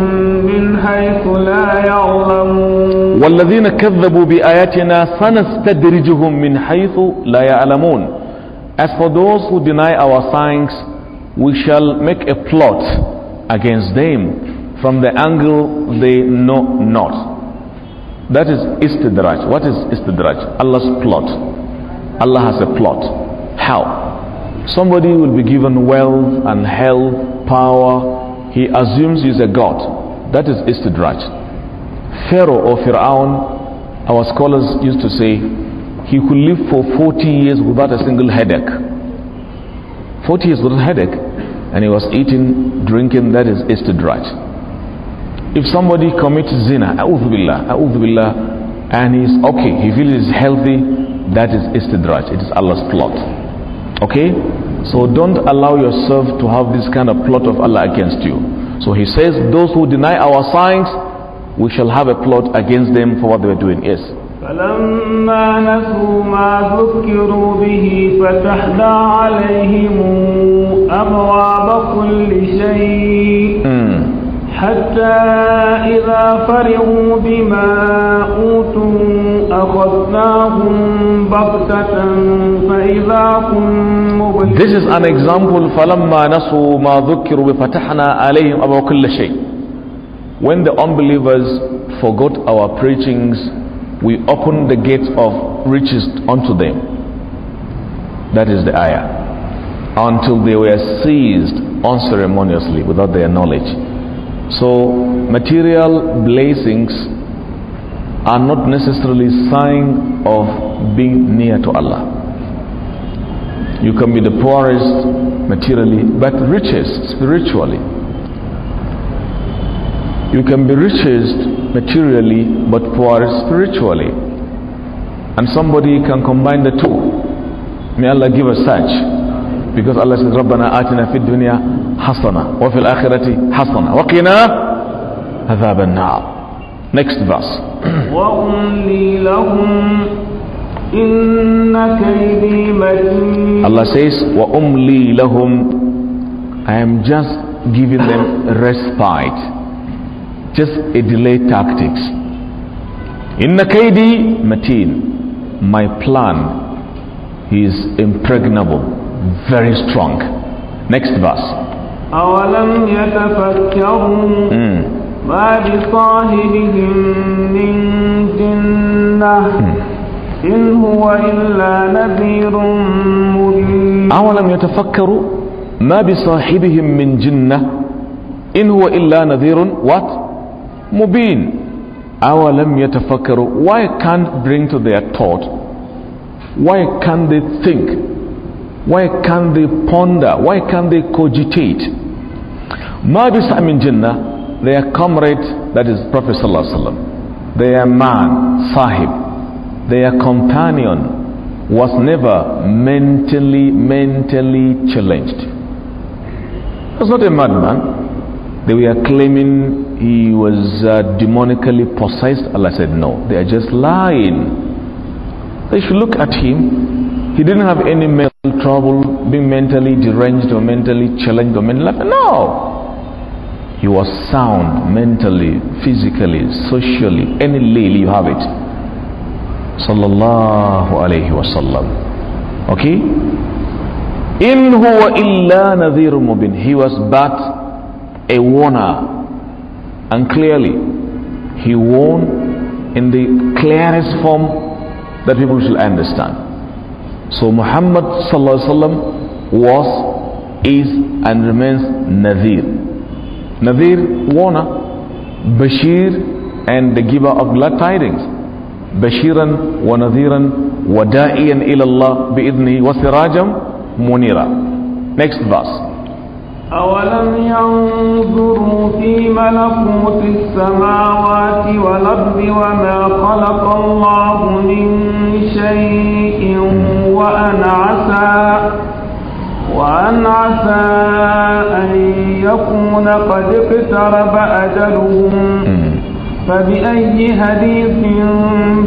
من حيث لا يعلمون والذين كذبوا بآياتنا سنستدرجهم من حيث لا يعلمون As for those who deny our signs, we shall make a plot against them from the angle they know not. That is istidraj. What is istidraj? Allah's plot. Allah has a plot. How? Somebody will be given wealth and health, power. He assumes he's a god. That is istidraj. Pharaoh or Fir'aun, our scholars used to say, he could live for 40 years without a single headache. 40 years without a headache. And he was eating, drinking, that is istidraj. If somebody commits zina, a'udhu billah, billah, and he's okay, he feels he's healthy, that is istidraj. It is Allah's plot. Okay? So don't allow yourself to have this kind of plot of Allah against you. So he says, those who deny our signs, we shall have a plot against them for what they were doing. Yes. فلما نسوا ما ذكروا به فتحنا عليهم أبواب كل شيء hmm. حتى إذا فرغوا بما أوتوا أخذناهم بغتة فإذا هم This is an example فلما نسوا ما ذكروا بفتحنا عليهم أبو كل شيء When the unbelievers forgot our preachings, we opened the gates of riches unto them. That is the ayah. Until they were seized unceremoniously without their knowledge. So, material blessings are not necessarily sign of being near to Allah. You can be the poorest materially, but richest spiritually. You can be richest materially, but poorest spiritually. And somebody can combine the two. May Allah give us such. because Allah says ربنا آتنا في الدنيا حسنة وفي الآخرة حسنة وقنا عذاب النار next verse وأملي لهم إن كيدي متين Allah says وأملي لهم I am just giving them respite just a delay tactics إن كيدي متين my plan is impregnable very strong. Next verse. أولم يتفكروا ما بصاحبهم من جنة إن هو إلا نذير مبين أولم يتفكروا ما بصاحبهم من جنة إن هو إلا نذير what مبين أولم يتفكروا why can't bring to their thought why can't they think why can't they ponder? Why can't they cogitate? Maybe in Jinnah, their comrade, that is Prophet Sallallahu their man, sahib, their companion was never mentally, mentally challenged. He Was not a madman. They were claiming he was uh, demonically possessed. Allah said, no, they are just lying. If you look at him. He didn't have any mental trouble, being mentally deranged or mentally challenged or mentally no. You are sound mentally, physically, socially, any lily you have it. Sallallahu alayhi wasallam. Okay? In huwa illa nadhirun mubin. He was but a warner. And clearly, he warned in the clearest form that people should understand. So Muhammad was, is and remains Nadir. Nadir, warner, Bashir and the giver of glad tidings. Bashiran wa Nadiran wa da'iyan ilallah bi'idnihi wa sirajam munira. Next verse. أولم ينظروا في ملكوت السماوات والأرض وما خلق الله من شيء وأن عسى وأن عسى أن يكون قد اقترب أجلهم فبأي حديث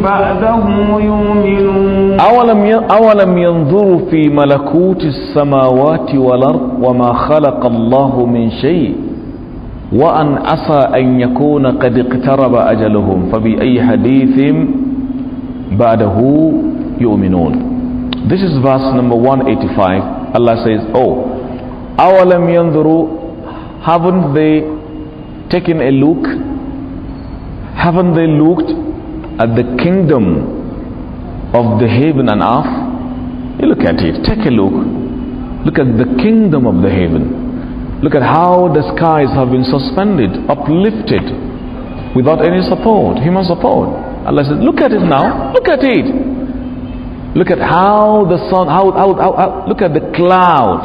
بعده يؤمنون أولم أولم ينظروا في ملكوت السماوات والأرض وما خلق الله من شيء وأن عسى أن يكون قد اقترب أجلهم فبأي حديث بعده يؤمنون This is verse number 185. Allah says, Oh, أولم ينظروا haven't they taken a look Haven't they looked at the kingdom of the heaven and earth? You look at it, take a look. Look at the kingdom of the heaven. Look at how the skies have been suspended, uplifted, without any support, human support. Allah says, Look at it now, look at it. Look at how the sun, how, how, how, how look at the clouds,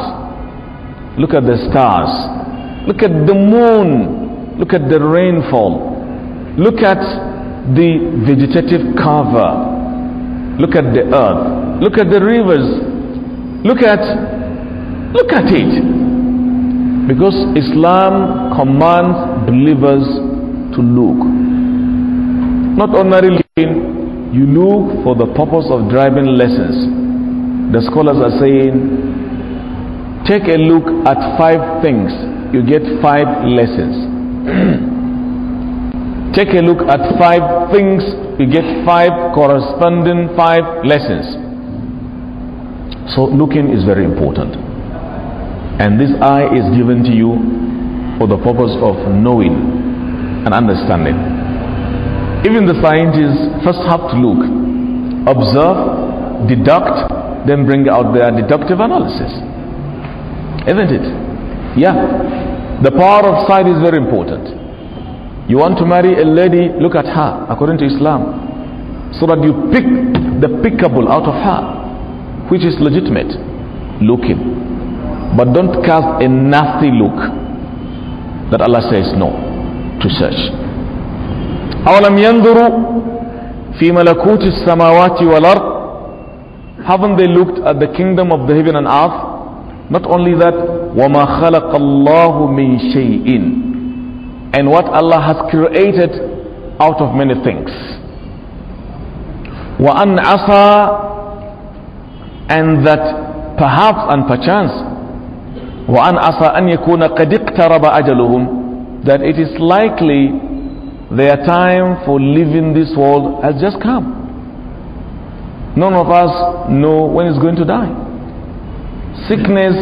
look at the stars, look at the moon, look at the rainfall, Look at the vegetative cover. Look at the earth. Look at the rivers. Look at look at it. Because Islam commands believers to look. Not ordinarily you look for the purpose of driving lessons. The scholars are saying take a look at five things. You get five lessons. *clears throat* take a look at five things, you get five corresponding five lessons. So looking is very important. And this eye is given to you for the purpose of knowing and understanding. Even the scientists first have to look, observe, deduct, then bring out their deductive analysis. Isn't it? Yeah. The power of sight is very important you want to marry a lady, look at her according to Islam. So that you pick the pickable out of her, which is legitimate looking. But don't cast a nasty look that Allah says no to search. أولم ينظروا في ملكوت السماوات والأرض Haven't they looked at the kingdom of the heaven and earth? Not only that, وَمَا خَلَقَ اللَّهُ مِن شَيْءٍ and what Allah has created out of many things. وَأَنْ عَصَى and that perhaps and perchance وَأَنْ عَصَى أَنْ يَكُونَ قَدْ اقْتَرَبَ أَجَلُهُمْ that it is likely their time for leaving this world has just come. None of us know when it's going to die. Sickness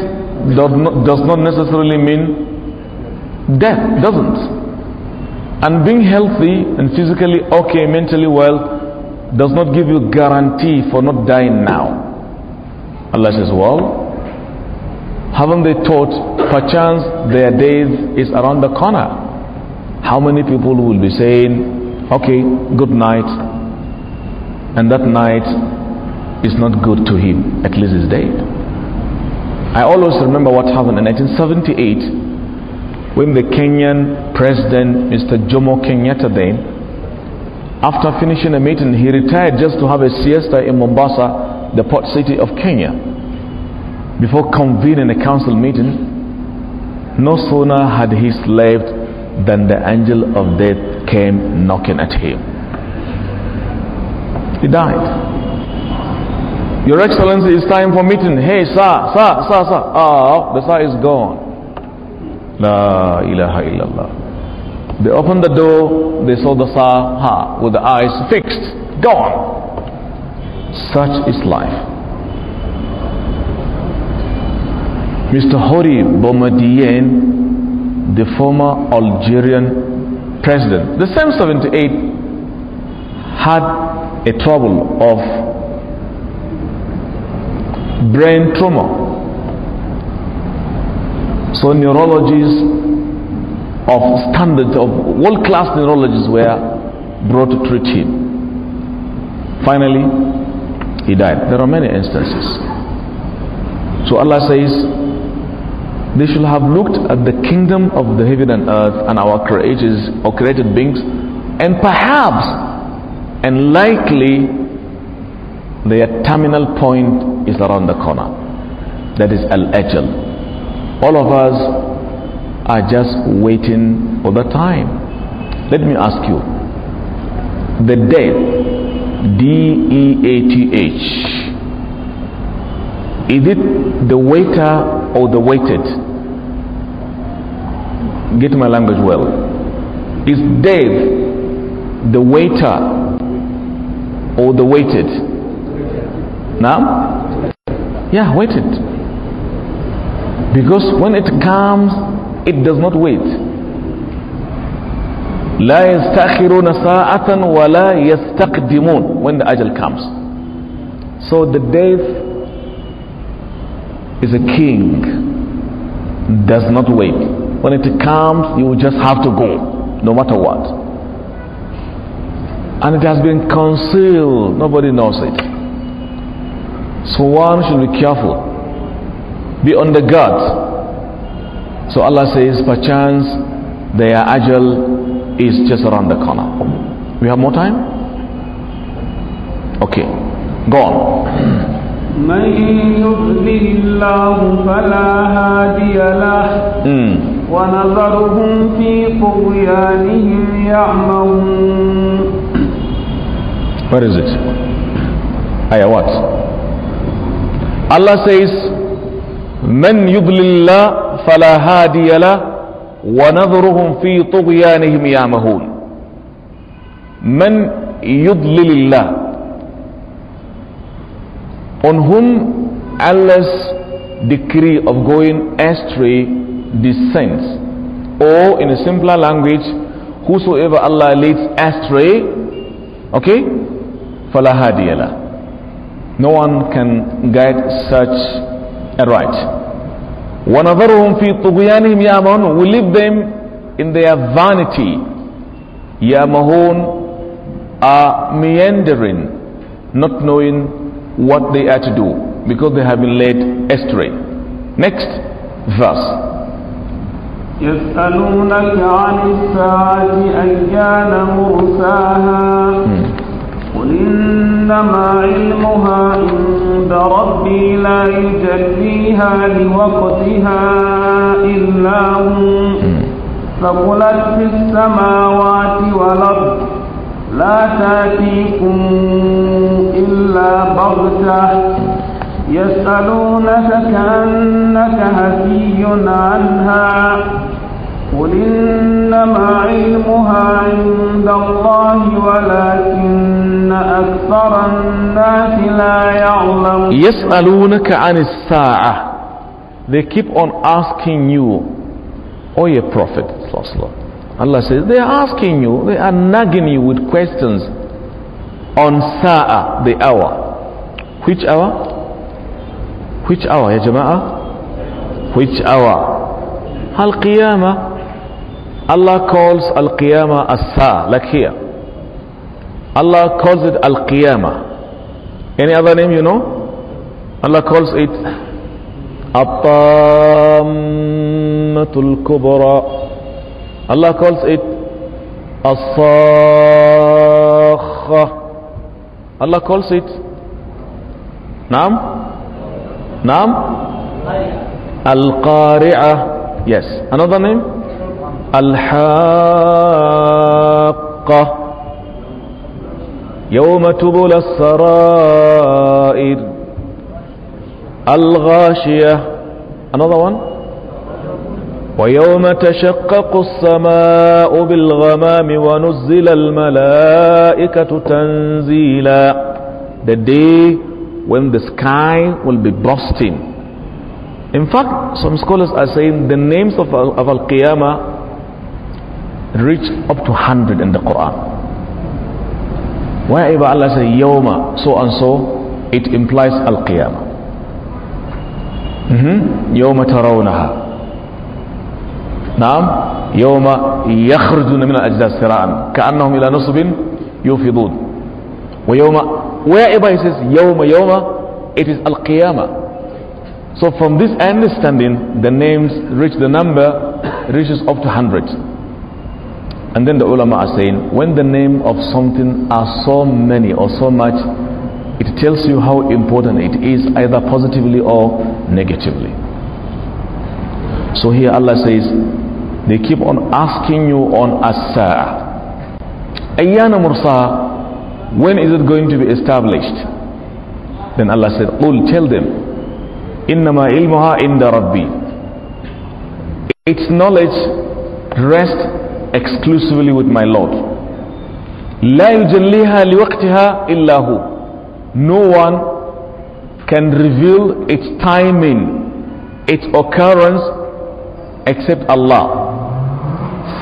does not, does not necessarily mean death, doesn't and being healthy and physically okay, mentally well, does not give you guarantee for not dying now. Allah says, well, haven't they taught, perchance their days is around the corner? How many people will be saying, okay, good night, and that night is not good to him, at least his day. I always remember what happened in 1978 when the Kenyan president, Mr. Jomo Kenyatta, then, after finishing a meeting, he retired just to have a siesta in Mombasa, the port city of Kenya, before convening a council meeting. No sooner had he slept than the angel of death came knocking at him. He died. Your Excellency, it's time for meeting. Hey, sir, sir, sir, sir. Ah, oh, the sir is gone. La ilaha illallah. They opened the door, they saw the Saha with the eyes fixed, gone. Such is life. Mr. Hori Boumediene, the former Algerian president, the same 78, had a trouble of brain trauma. So neurologists of standard, of world-class neurologists were brought to treat him. Finally, he died. There are many instances. So Allah says, they should have looked at the kingdom of the heaven and earth and our creators or created beings, and perhaps and likely their terminal point is around the corner. That is Al Ajal. All of us are just waiting for the time. Let me ask you the death, D E A T H, is it the waiter or the waited? Get my language well. Is death the waiter or the waited? Now, yeah, waited. Because when it comes, it does not wait. لا يستأخرون ساعة ولا يستقدمون when the ajal comes. So the death is a king, does not wait. When it comes, you just have to go, no matter what. And it has been concealed, nobody knows it. So one should be careful be on the guard. So Allah says, perchance their ajal is just around the corner. We have more time? Okay, go on. من يضلل الله فلا هادي له في طغيانهم يعمهون Where is it? Ayah what? Allah says من يضلل الله فلا هادي له ونظرهم في طغيانهم يعمهون من يضلل الله on whom Allah's decree of going astray descends or in a simpler language whosoever Allah leads astray okay فلا هادي له no one can guide such and right. وَنَظَرُهُمْ فِي طُغْيَانِهِمْ يَعْمَهُونَ We leave them in their vanity. يَعْمَهُونَ are meandering, not knowing what they are to do because they have been led astray. Next verse. يسألونك عن الساعة أيان مرساها hmm. قل إنما علمها عند ربي لا يجليها لوقتها إلا هو فقلت في السماوات والأرض لا تأتيكم إلا بغتة يسألونك كأنك هفي عنها قل إنما علمها عند الله ولكن أكثر الناس لا يعلمون يسألونك عن الساعة They keep on asking you, O your Prophet, Allah says, they are asking you, they are nagging you with questions on Sa'a, the hour. Which hour? Which hour, ya jama'a Which hour? hal qiyamah Allah calls Al-Qiyamah as like here. Allah calls it Al-Qiyamah. Any other name you know? Allah calls it At-Tammatul Kubra. Allah calls it as Allah calls it Nam? Nam? Al-Qari'ah. Yes. Another name? الحاقة يوم تبل السرائر الغاشية another one ويوم تشقق السماء بالغمام ونزل الملائكة تنزيلا the day when the sky will be bursting in fact some scholars are saying the names of, of Al-Qiyamah reach up to 100 in the Quran. Wherever Allah says Yawma, so and so, it implies Al Qiyamah. يوم ترونها نعم يوم min من الأجداث سراعا كأنهم إلى نصب يوفضون ويوم wherever he says "yoma يوم it is al-Qiyamah. so from this understanding the names reach the number reaches up to hundreds and then the ulama are saying, when the name of something are so many or so much, it tells you how important it is either positively or negatively. So here Allah says, they keep on asking you on asr, saah Ayyana mursa, when is it going to be established? Then Allah said, "All tell them, إِنَّمَا ilmuha in رَبِّي Its knowledge rests exclusively with my Lord. لا يجليها لوقتها إلا هو. No one can reveal its timing, its occurrence except Allah.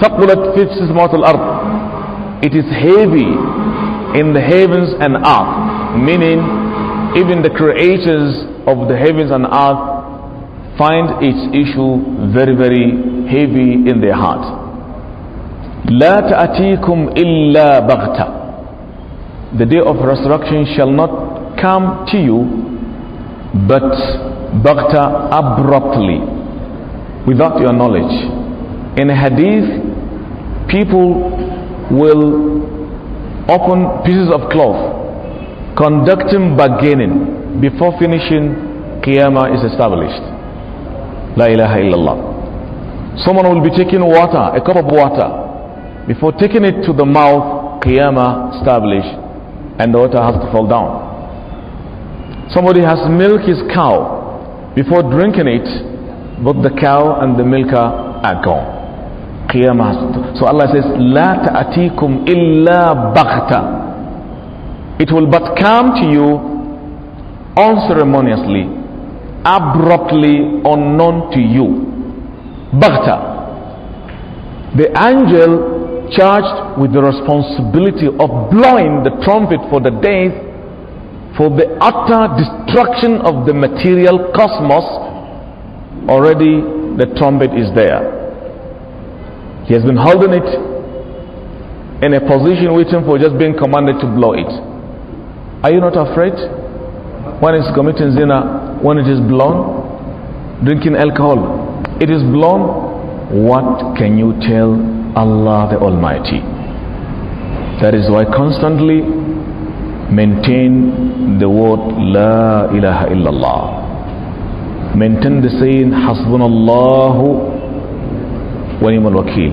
ثقلت في السماوات والأرض. It is heavy in the heavens and earth, meaning even the creators of the heavens and earth find its issue very, very heavy in their heart. لا تأتيكم إلا بغتة The day of resurrection shall not come to you but بغتة abruptly without your knowledge In hadith people will open pieces of cloth conducting bargaining before finishing Qiyamah is established La ilaha illallah Someone will be taking water, a cup of water before taking it to the mouth, Qiyamah established and the water has to fall down. Somebody has milked his cow. Before drinking it, both the cow and the milker are gone. Qiyamah. So Allah says, La ta'atikum illa baghta. It will but come to you unceremoniously, abruptly, unknown to you. Baghta. The angel charged with the responsibility of blowing the trumpet for the days for the utter destruction of the material cosmos already the trumpet is there he has been holding it in a position waiting for just being commanded to blow it are you not afraid when it's committing zina when it is blown drinking alcohol it is blown what can you tell Allah the Almighty. That is why constantly maintain the word La ilaha illallah. Maintain the saying Hasbunallahu wa ni'mal wakil.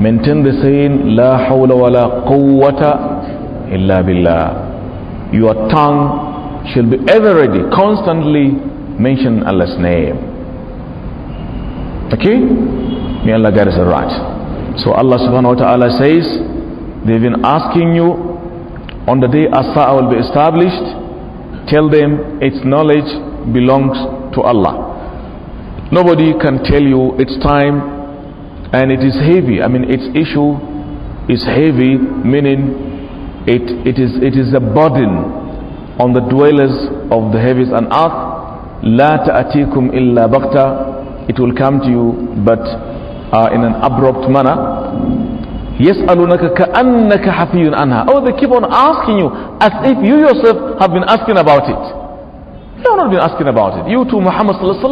Maintain the saying La hawla wa la quwwata illa billah. Your tongue shall be ever ready, constantly mention Allah's name. Okay? May Allah guide us right. So Allah subhanahu wa ta'ala says, They've been asking you, on the day as will be established, tell them its knowledge belongs to Allah. Nobody can tell you it's time and it is heavy. I mean, its issue is heavy, meaning it, it, is, it is a burden on the dwellers of the heavens and earth. La ta'atikum illa bakta. It will come to you, but uh, in an abrupt manner. يسألونك كأنك حفي عنها Oh, they keep on asking you as if you yourself have been asking about it. You have not been asking about it. You too, Muhammad sallallahu alaihi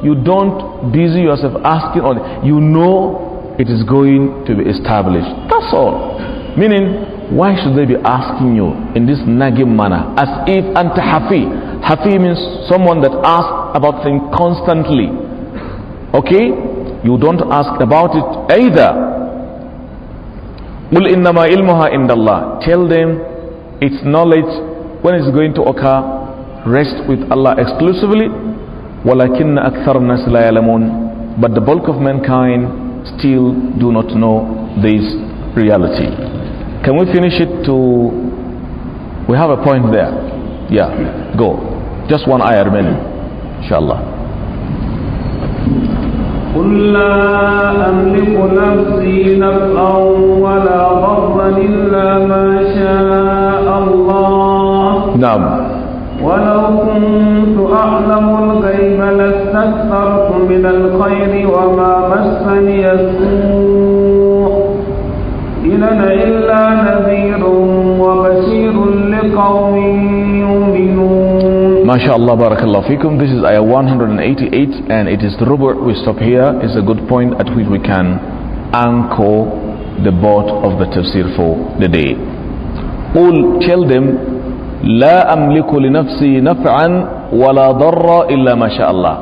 wasallam, you don't busy yourself asking on it. You know it is going to be established. That's all. Meaning, why should they be asking you in this nagging manner? As if anta hafi. Hafi means someone that asks about things constantly. Okay? you don't ask about it either قل إنما ilmuha عند الله tell them its knowledge when it's going to occur rest with Allah exclusively ولكن akthar الناس لا يعلمون but the bulk of mankind still do not know this reality can we finish it to we have a point there yeah go just one ayah remaining inshallah قل لا أملك نفسي نفعا ولا ضرا إلا ما شاء الله نعم ولو كنت أعلم الغيب لاستكثرت من الخير وما مسني السوء إن إلا نذير وبشير لقوم MashaAllah, barakallah fikum. This is ayah 188 and it is the rubber. We stop here. It's a good point at which we can anchor the boat of the tafsir for the day. All tell them, لا أملك لنفسي نفعا ولا ضرا إلا ما شاء الله.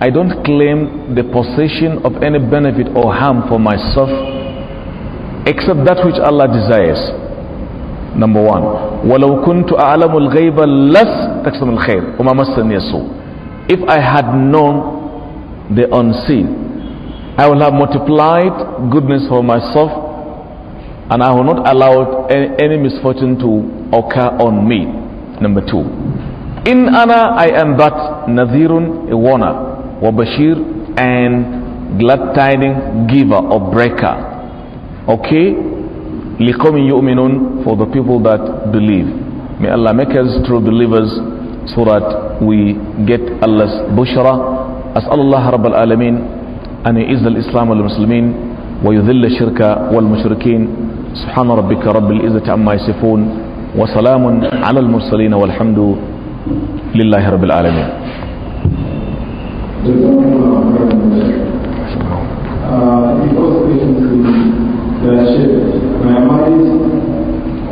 I don't claim the possession of any benefit or harm for myself except that which Allah desires. Number one, وَلَوْ كُنْتُ أَعْلَمُ الْغَيْبَ لَسْ If I had known the unseen, I would have multiplied goodness for myself and I will not allow any, any misfortune to occur on me. Number two, in Anna I am but Nazirun, a warner, Wabashir, and glad tidings giver or breaker. Okay? لِقَوْمٍ يُؤْمِنُونَ For the people that believe. May Allah make us true believers so that we get Allah's bushra. أسأل الله رب العالمين أن يعز الإسلام والمسلمين ويذل الشرك والمشركين سبحان ربك رب العزة عما يصفون وسلام على المرسلين والحمد لله رب العالمين Uh, it was the, the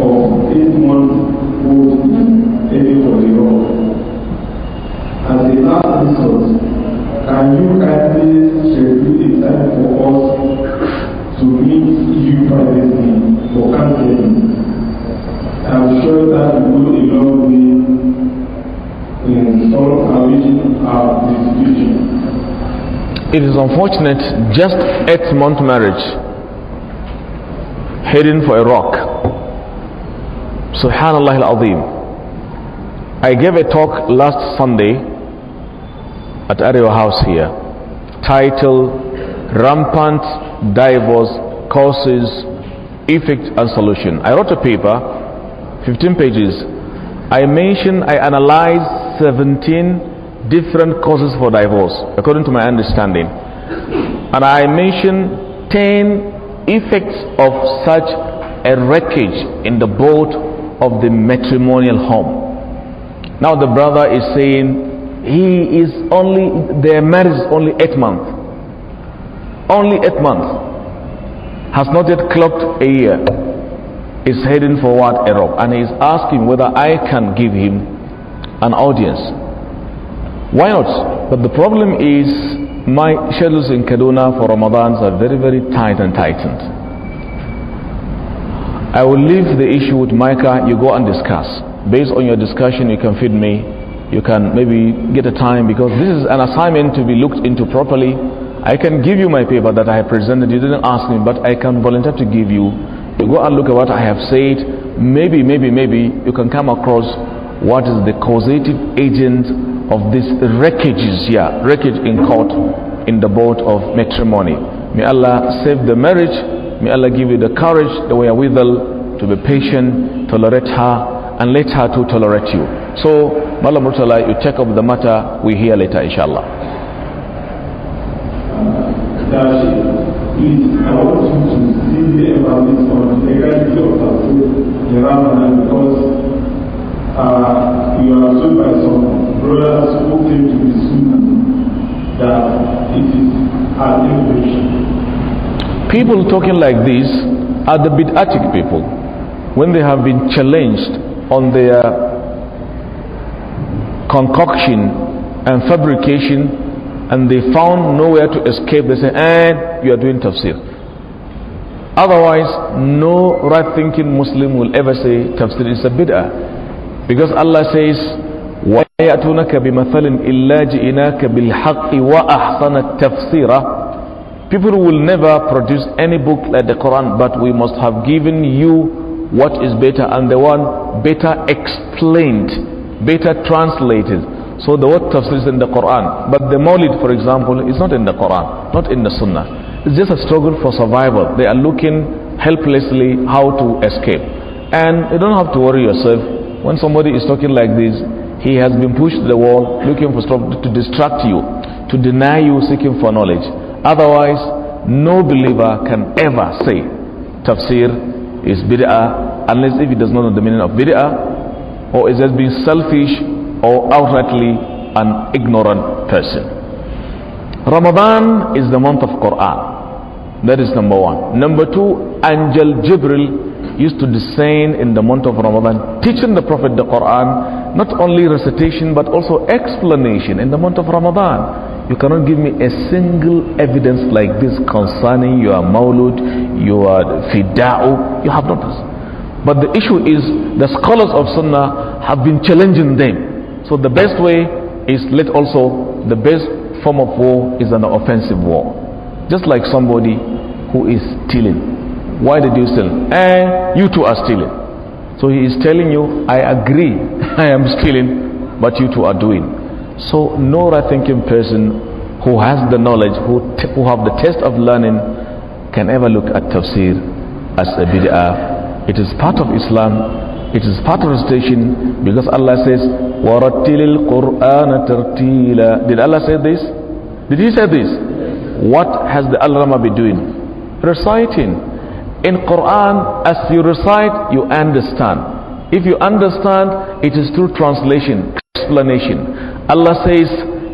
of eight months old heading for the rock. As the last resort, can you kindly schedule a time for us to meet you privately for counseling? I'm sure that will go a in solving our vision, our distribution. It is unfortunate, just eight month marriage heading for a rock Subhanallah al-Azim. I gave a talk last Sunday at Ario House here titled Rampant Divorce Causes, Effect and Solution. I wrote a paper, 15 pages. I mentioned, I analyzed 17 different causes for divorce according to my understanding. And I mentioned 10 effects of such a wreckage in the boat of the matrimonial home. Now the brother is saying he is only their marriage is only eight months. Only eight months. Has not yet clocked a year. Is heading for what Europe and he is asking whether I can give him an audience. Why not? But the problem is my schedules in Kaduna for Ramadans are very, very tight and tightened I will leave the issue with Micah. You go and discuss. Based on your discussion, you can feed me. You can maybe get a time because this is an assignment to be looked into properly. I can give you my paper that I presented. You didn't ask me, but I can volunteer to give you. You go and look at what I have said. Maybe, maybe, maybe you can come across what is the causative agent of this wreckages. Yeah, wreckage in court, in the boat of matrimony. May Allah save the marriage May Allah give you the courage, the wherewithal to be patient, tolerate her, and let her to tolerate you. So, Malam Murtala, you take up the matter. We hear later, inshallah. Uh, you are by some brothers who claim to be that it is an People talking like this are the bid'atic people when they have been challenged on their concoction and fabrication and they found nowhere to escape they say and eh, you are doing tafsir otherwise no right thinking muslim will ever say tafsir is a bid'ah because allah says وَيَأْتُونَكَ بِمَثَلٍ إِلَّا جِئِنَاكَ بِالْحَقِّ وَأَحْسَنَ التَّفْسِيرَ People will never produce any book like the Quran, but we must have given you what is better and the one better explained, better translated. So the word tafsir is in the Quran. But the Maulid, for example, is not in the Quran, not in the Sunnah. It's just a struggle for survival. They are looking helplessly how to escape. And you don't have to worry yourself. When somebody is talking like this, he has been pushed to the wall looking for stuff to distract you, to deny you seeking for knowledge. Otherwise, no believer can ever say tafsir is bid'ah unless if he does not know the meaning of bid'ah or is just being selfish or outrightly an ignorant person. Ramadan is the month of Quran. That is number one. Number two, Angel Jibril used to descend in the month of Ramadan, teaching the Prophet the Quran, not only recitation but also explanation in the month of Ramadan. You cannot give me a single evidence like this concerning your maulud, your fida'u. You have not. But the issue is the scholars of sunnah have been challenging them. So the best way is let also the best form of war is an offensive war. Just like somebody who is stealing. Why did you steal? And eh, you two are stealing. So he is telling you, I agree, *laughs* I am stealing, but you two are doing. So no right-thinking person who has the knowledge, who, who have the taste of learning, can ever look at tafsir as a bid'ah. It is part of Islam. It is part of recitation because Allah says, وَرَتِّلِ الْقُرْآنَ تَرْتِيلًا Did Allah say this? Did He say this? What has the Al-Rama been doing? Reciting. In Quran, as you recite, you understand. If you understand, it is through translation, explanation. Allah says,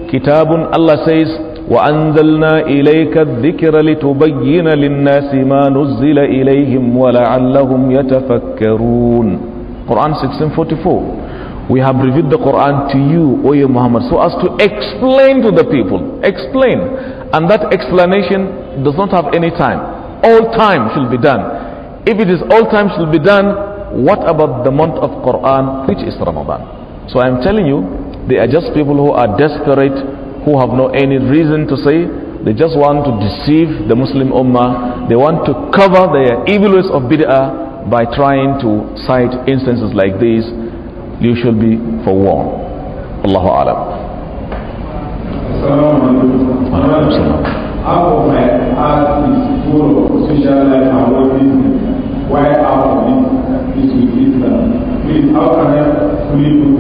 Kitabun, Allah says, وأنزلنا إليك الذكر لتبين للناس ما نزل إليهم ولعلهم يتفكرون Quran 1644 We have revealed the Quran to you, O you Muhammad, so as to explain to the people. Explain. And that explanation does not have any time. All time shall be done. If it is all time shall be done, what about the month of Quran, which is Ramadan? So I am telling you, they are just people who are desperate, who have no any reason to say. They just want to deceive the Muslim Ummah. They want to cover their evil ways of bid'ah by trying to cite instances like these. You should be forewarned. Allahu Alam. Half of with Islam. Please, how can I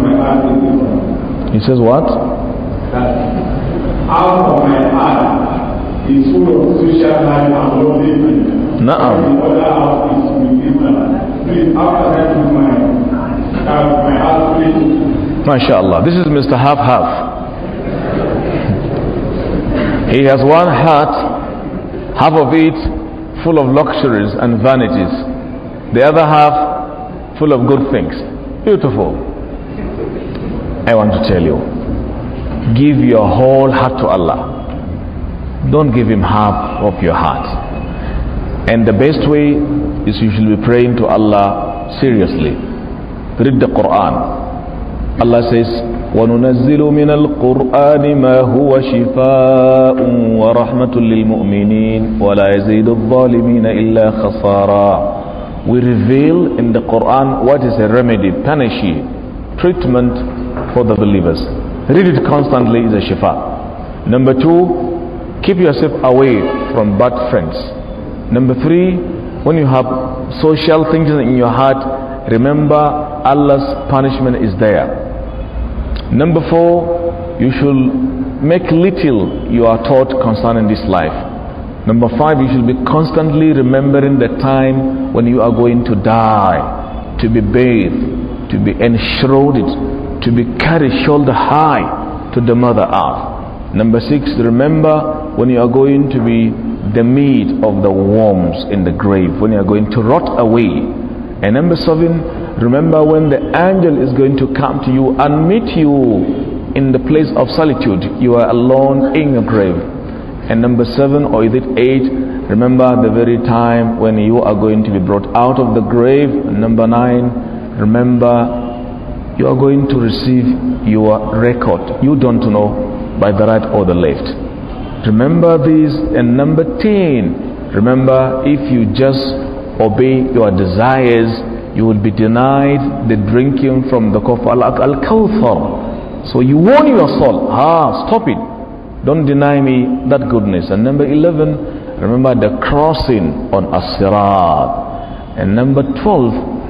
he says what? Out of my heart is full of social life and loneliness. Nah, The other half is with Please, after that, my, uh, my heart, please. MashaAllah. This is Mr. Half Half. he has one heart, half of it full of luxuries and vanities, the other half full of good things. Beautiful. I want to tell you give your whole heart to Allah. Don't give Him half of your heart. And the best way is you should be praying to Allah seriously. Read the Quran. Allah says, وَنُنَزِّلُ مِنَ الْقُرْآنِ مَا هُوَ شِفَاءٌ وَرَحْمَةٌ لِلْمُؤْمِنِينَ وَلَا يَزِيدُ الظَّالِمِينَ إِلَّا خَسَارًا We reveal in the Quran what is a remedy, punishing, treatment for the believers. Read it constantly is a shifa. Number two, keep yourself away from bad friends. Number three, when you have social things in your heart, remember Allah's punishment is there. Number four, you should make little you are taught concerning this life. Number five, you should be constantly remembering the time when you are going to die, to be bathed, to be enshrouded to be carried shoulder high to the mother earth. Number six, remember when you are going to be the meat of the worms in the grave, when you are going to rot away. And number seven, remember when the angel is going to come to you and meet you in the place of solitude. You are alone in your grave. And number seven, or is it eight, remember the very time when you are going to be brought out of the grave. Number nine, remember you are going to receive your record. You don't know by the right or the left. Remember this. And number 10, remember if you just obey your desires, you will be denied the drinking from the cup al kawthar. So you warn your soul, ah, stop it. Don't deny me that goodness. And number 11, remember the crossing on as And number 12,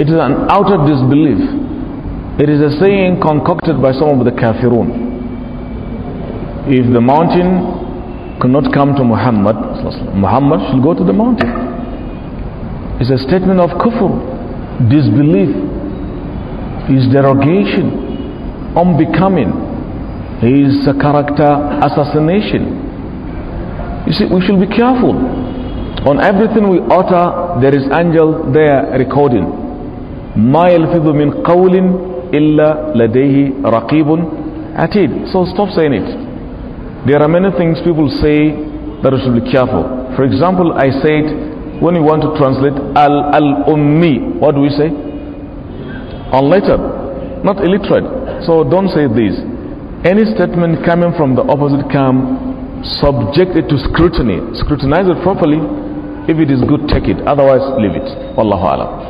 It is an outer disbelief. It is a saying concocted by some of the kafirun. If the mountain cannot come to Muhammad, Muhammad should go to the mountain. It's a statement of kufr, disbelief, is derogation, unbecoming. a character assassination. You see, we should be careful. On everything we utter, there is angel there recording. ما يلفظ من قول إلا لديه رقيب عتيد so stop saying it there are many things people say that we should be careful for example I said when you want to translate al al ummi what do we say unlettered not illiterate so don't say this any statement coming from the opposite camp subject it to scrutiny scrutinize it properly if it is good take it otherwise leave it wallahu alam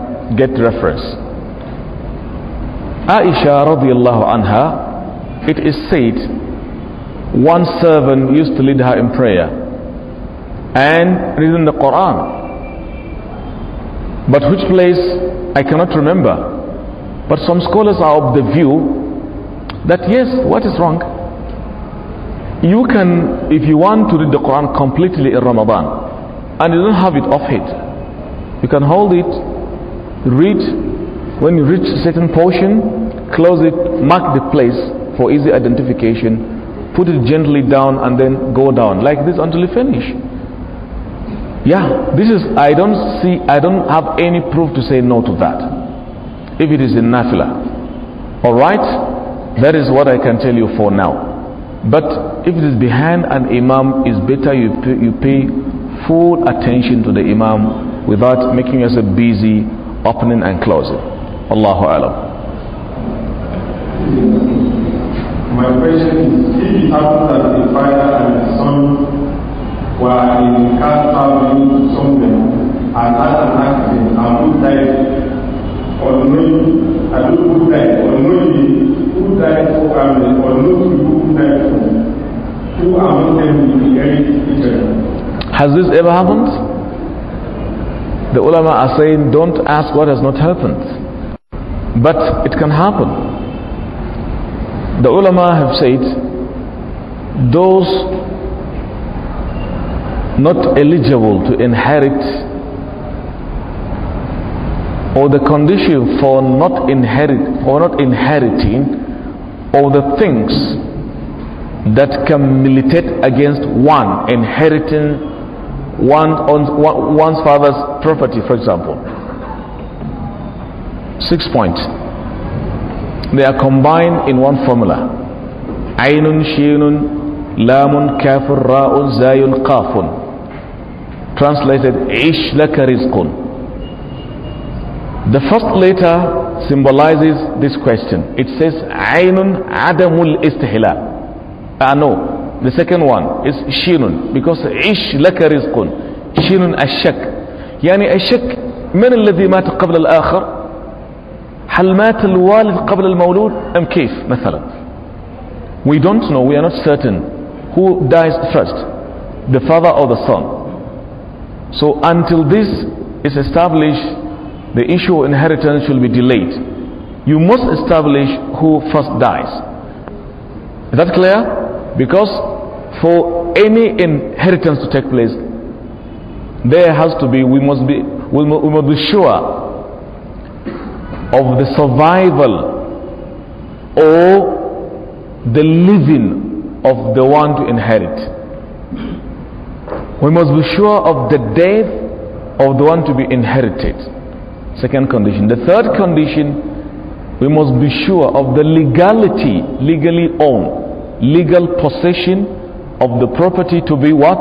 get reference. Aisha radiallahu anha, it is said, one servant used to lead her in prayer and in the Quran. But which place I cannot remember. But some scholars are of the view that yes, what is wrong? You can, if you want to read the Quran completely in Ramadan and you don't have it off it, you can hold it read when you reach a certain portion close it mark the place for easy identification put it gently down and then go down like this until you finish yeah this is i don't see i don't have any proof to say no to that if it is in nafila all right that is what i can tell you for now but if it is behind an imam is better you pay, you pay full attention to the imam without making yourself busy opening and closing. Allahu Alam. My question is if it happens that the father and the son were in car traveling to somewhere and had an accident and who died unknowingly, I don't know who died unknowingly, who died for family or knows people who died for who among them will be the children? Has this ever happened? The ulama are saying, don't ask what has not happened. But it can happen. The ulama have said, those not eligible to inherit or the condition for not inherit or not inheriting or the things that can militate against one inheriting one, on, one's father's property, for example. Six points. They are combined in one formula. Ainun, Shinun, Lamun, Kafur, Ra'un, Zayun, Kafun. Translated, Ish laka The first letter symbolizes this question. It says, Ainun Adamul Istihlal. Ah, no. The second one is شين because عش لك رزق شين الشك يعني الشك من الذي مات قبل الآخر هل مات الوالد قبل المولود أم كيف مثلا We don't know, we are not certain who dies first, the father or the son. So until this is established, the issue of inheritance will be delayed. You must establish who first dies. Is that clear? Because for any inheritance to take place, there has to be, we must be, we must be sure of the survival or the living of the one to inherit. We must be sure of the death of the one to be inherited. Second condition. The third condition, we must be sure of the legality, legally owned, legal possession of the property to be what?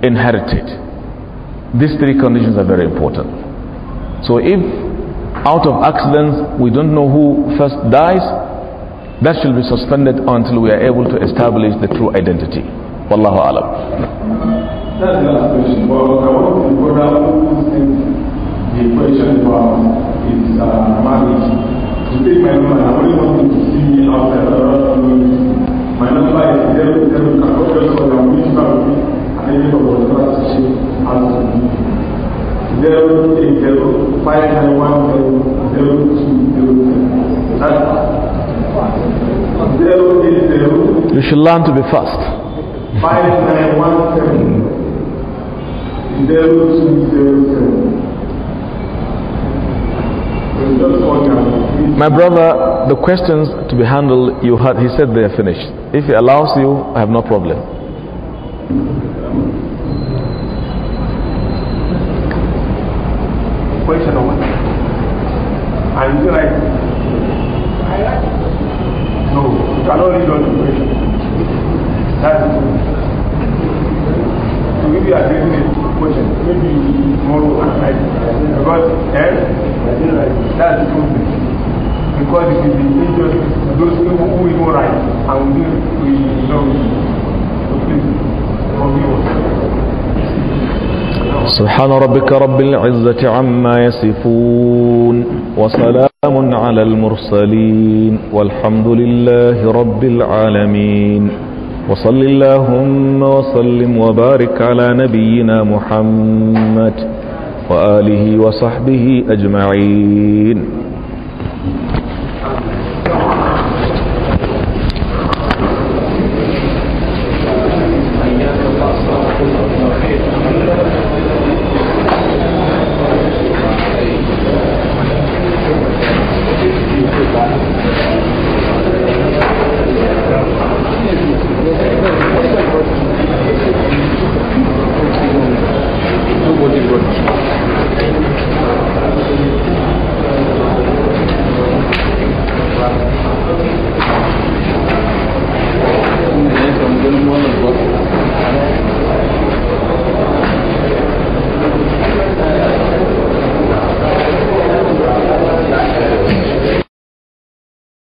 Inherited. These three conditions are very important. So if out of accidents we don't know who first dies, that shall be suspended until we are able to establish the true identity. Wallahu alam. That's the last question. Well, I want to go down the question about is uh, marriage. To take my number, I only want to see me outside. my number is zero seven four just for your minister and any of our relationship as zero eight zero five nine one zero zero two zero that's zero eight zero you should learn to be fast five nine one seven zero two zero seven My brother, the questions to be handled, you heard, he said they are finished. If he allows you, I have no problem. Question number I'm like, no, you cannot read on the question. That's maybe I didn't make question. Maybe tomorrow at night. Because eh, I didn't write. That's the problem. Because it is the injustice to those people who even write and we do we know so please forgive us. سبحان ربك رب العزة عما يصفون وسلام على المرسلين والحمد لله رب العالمين وصل اللهم وسلم وبارك على نبينا محمد وآله وصحبه أجمعين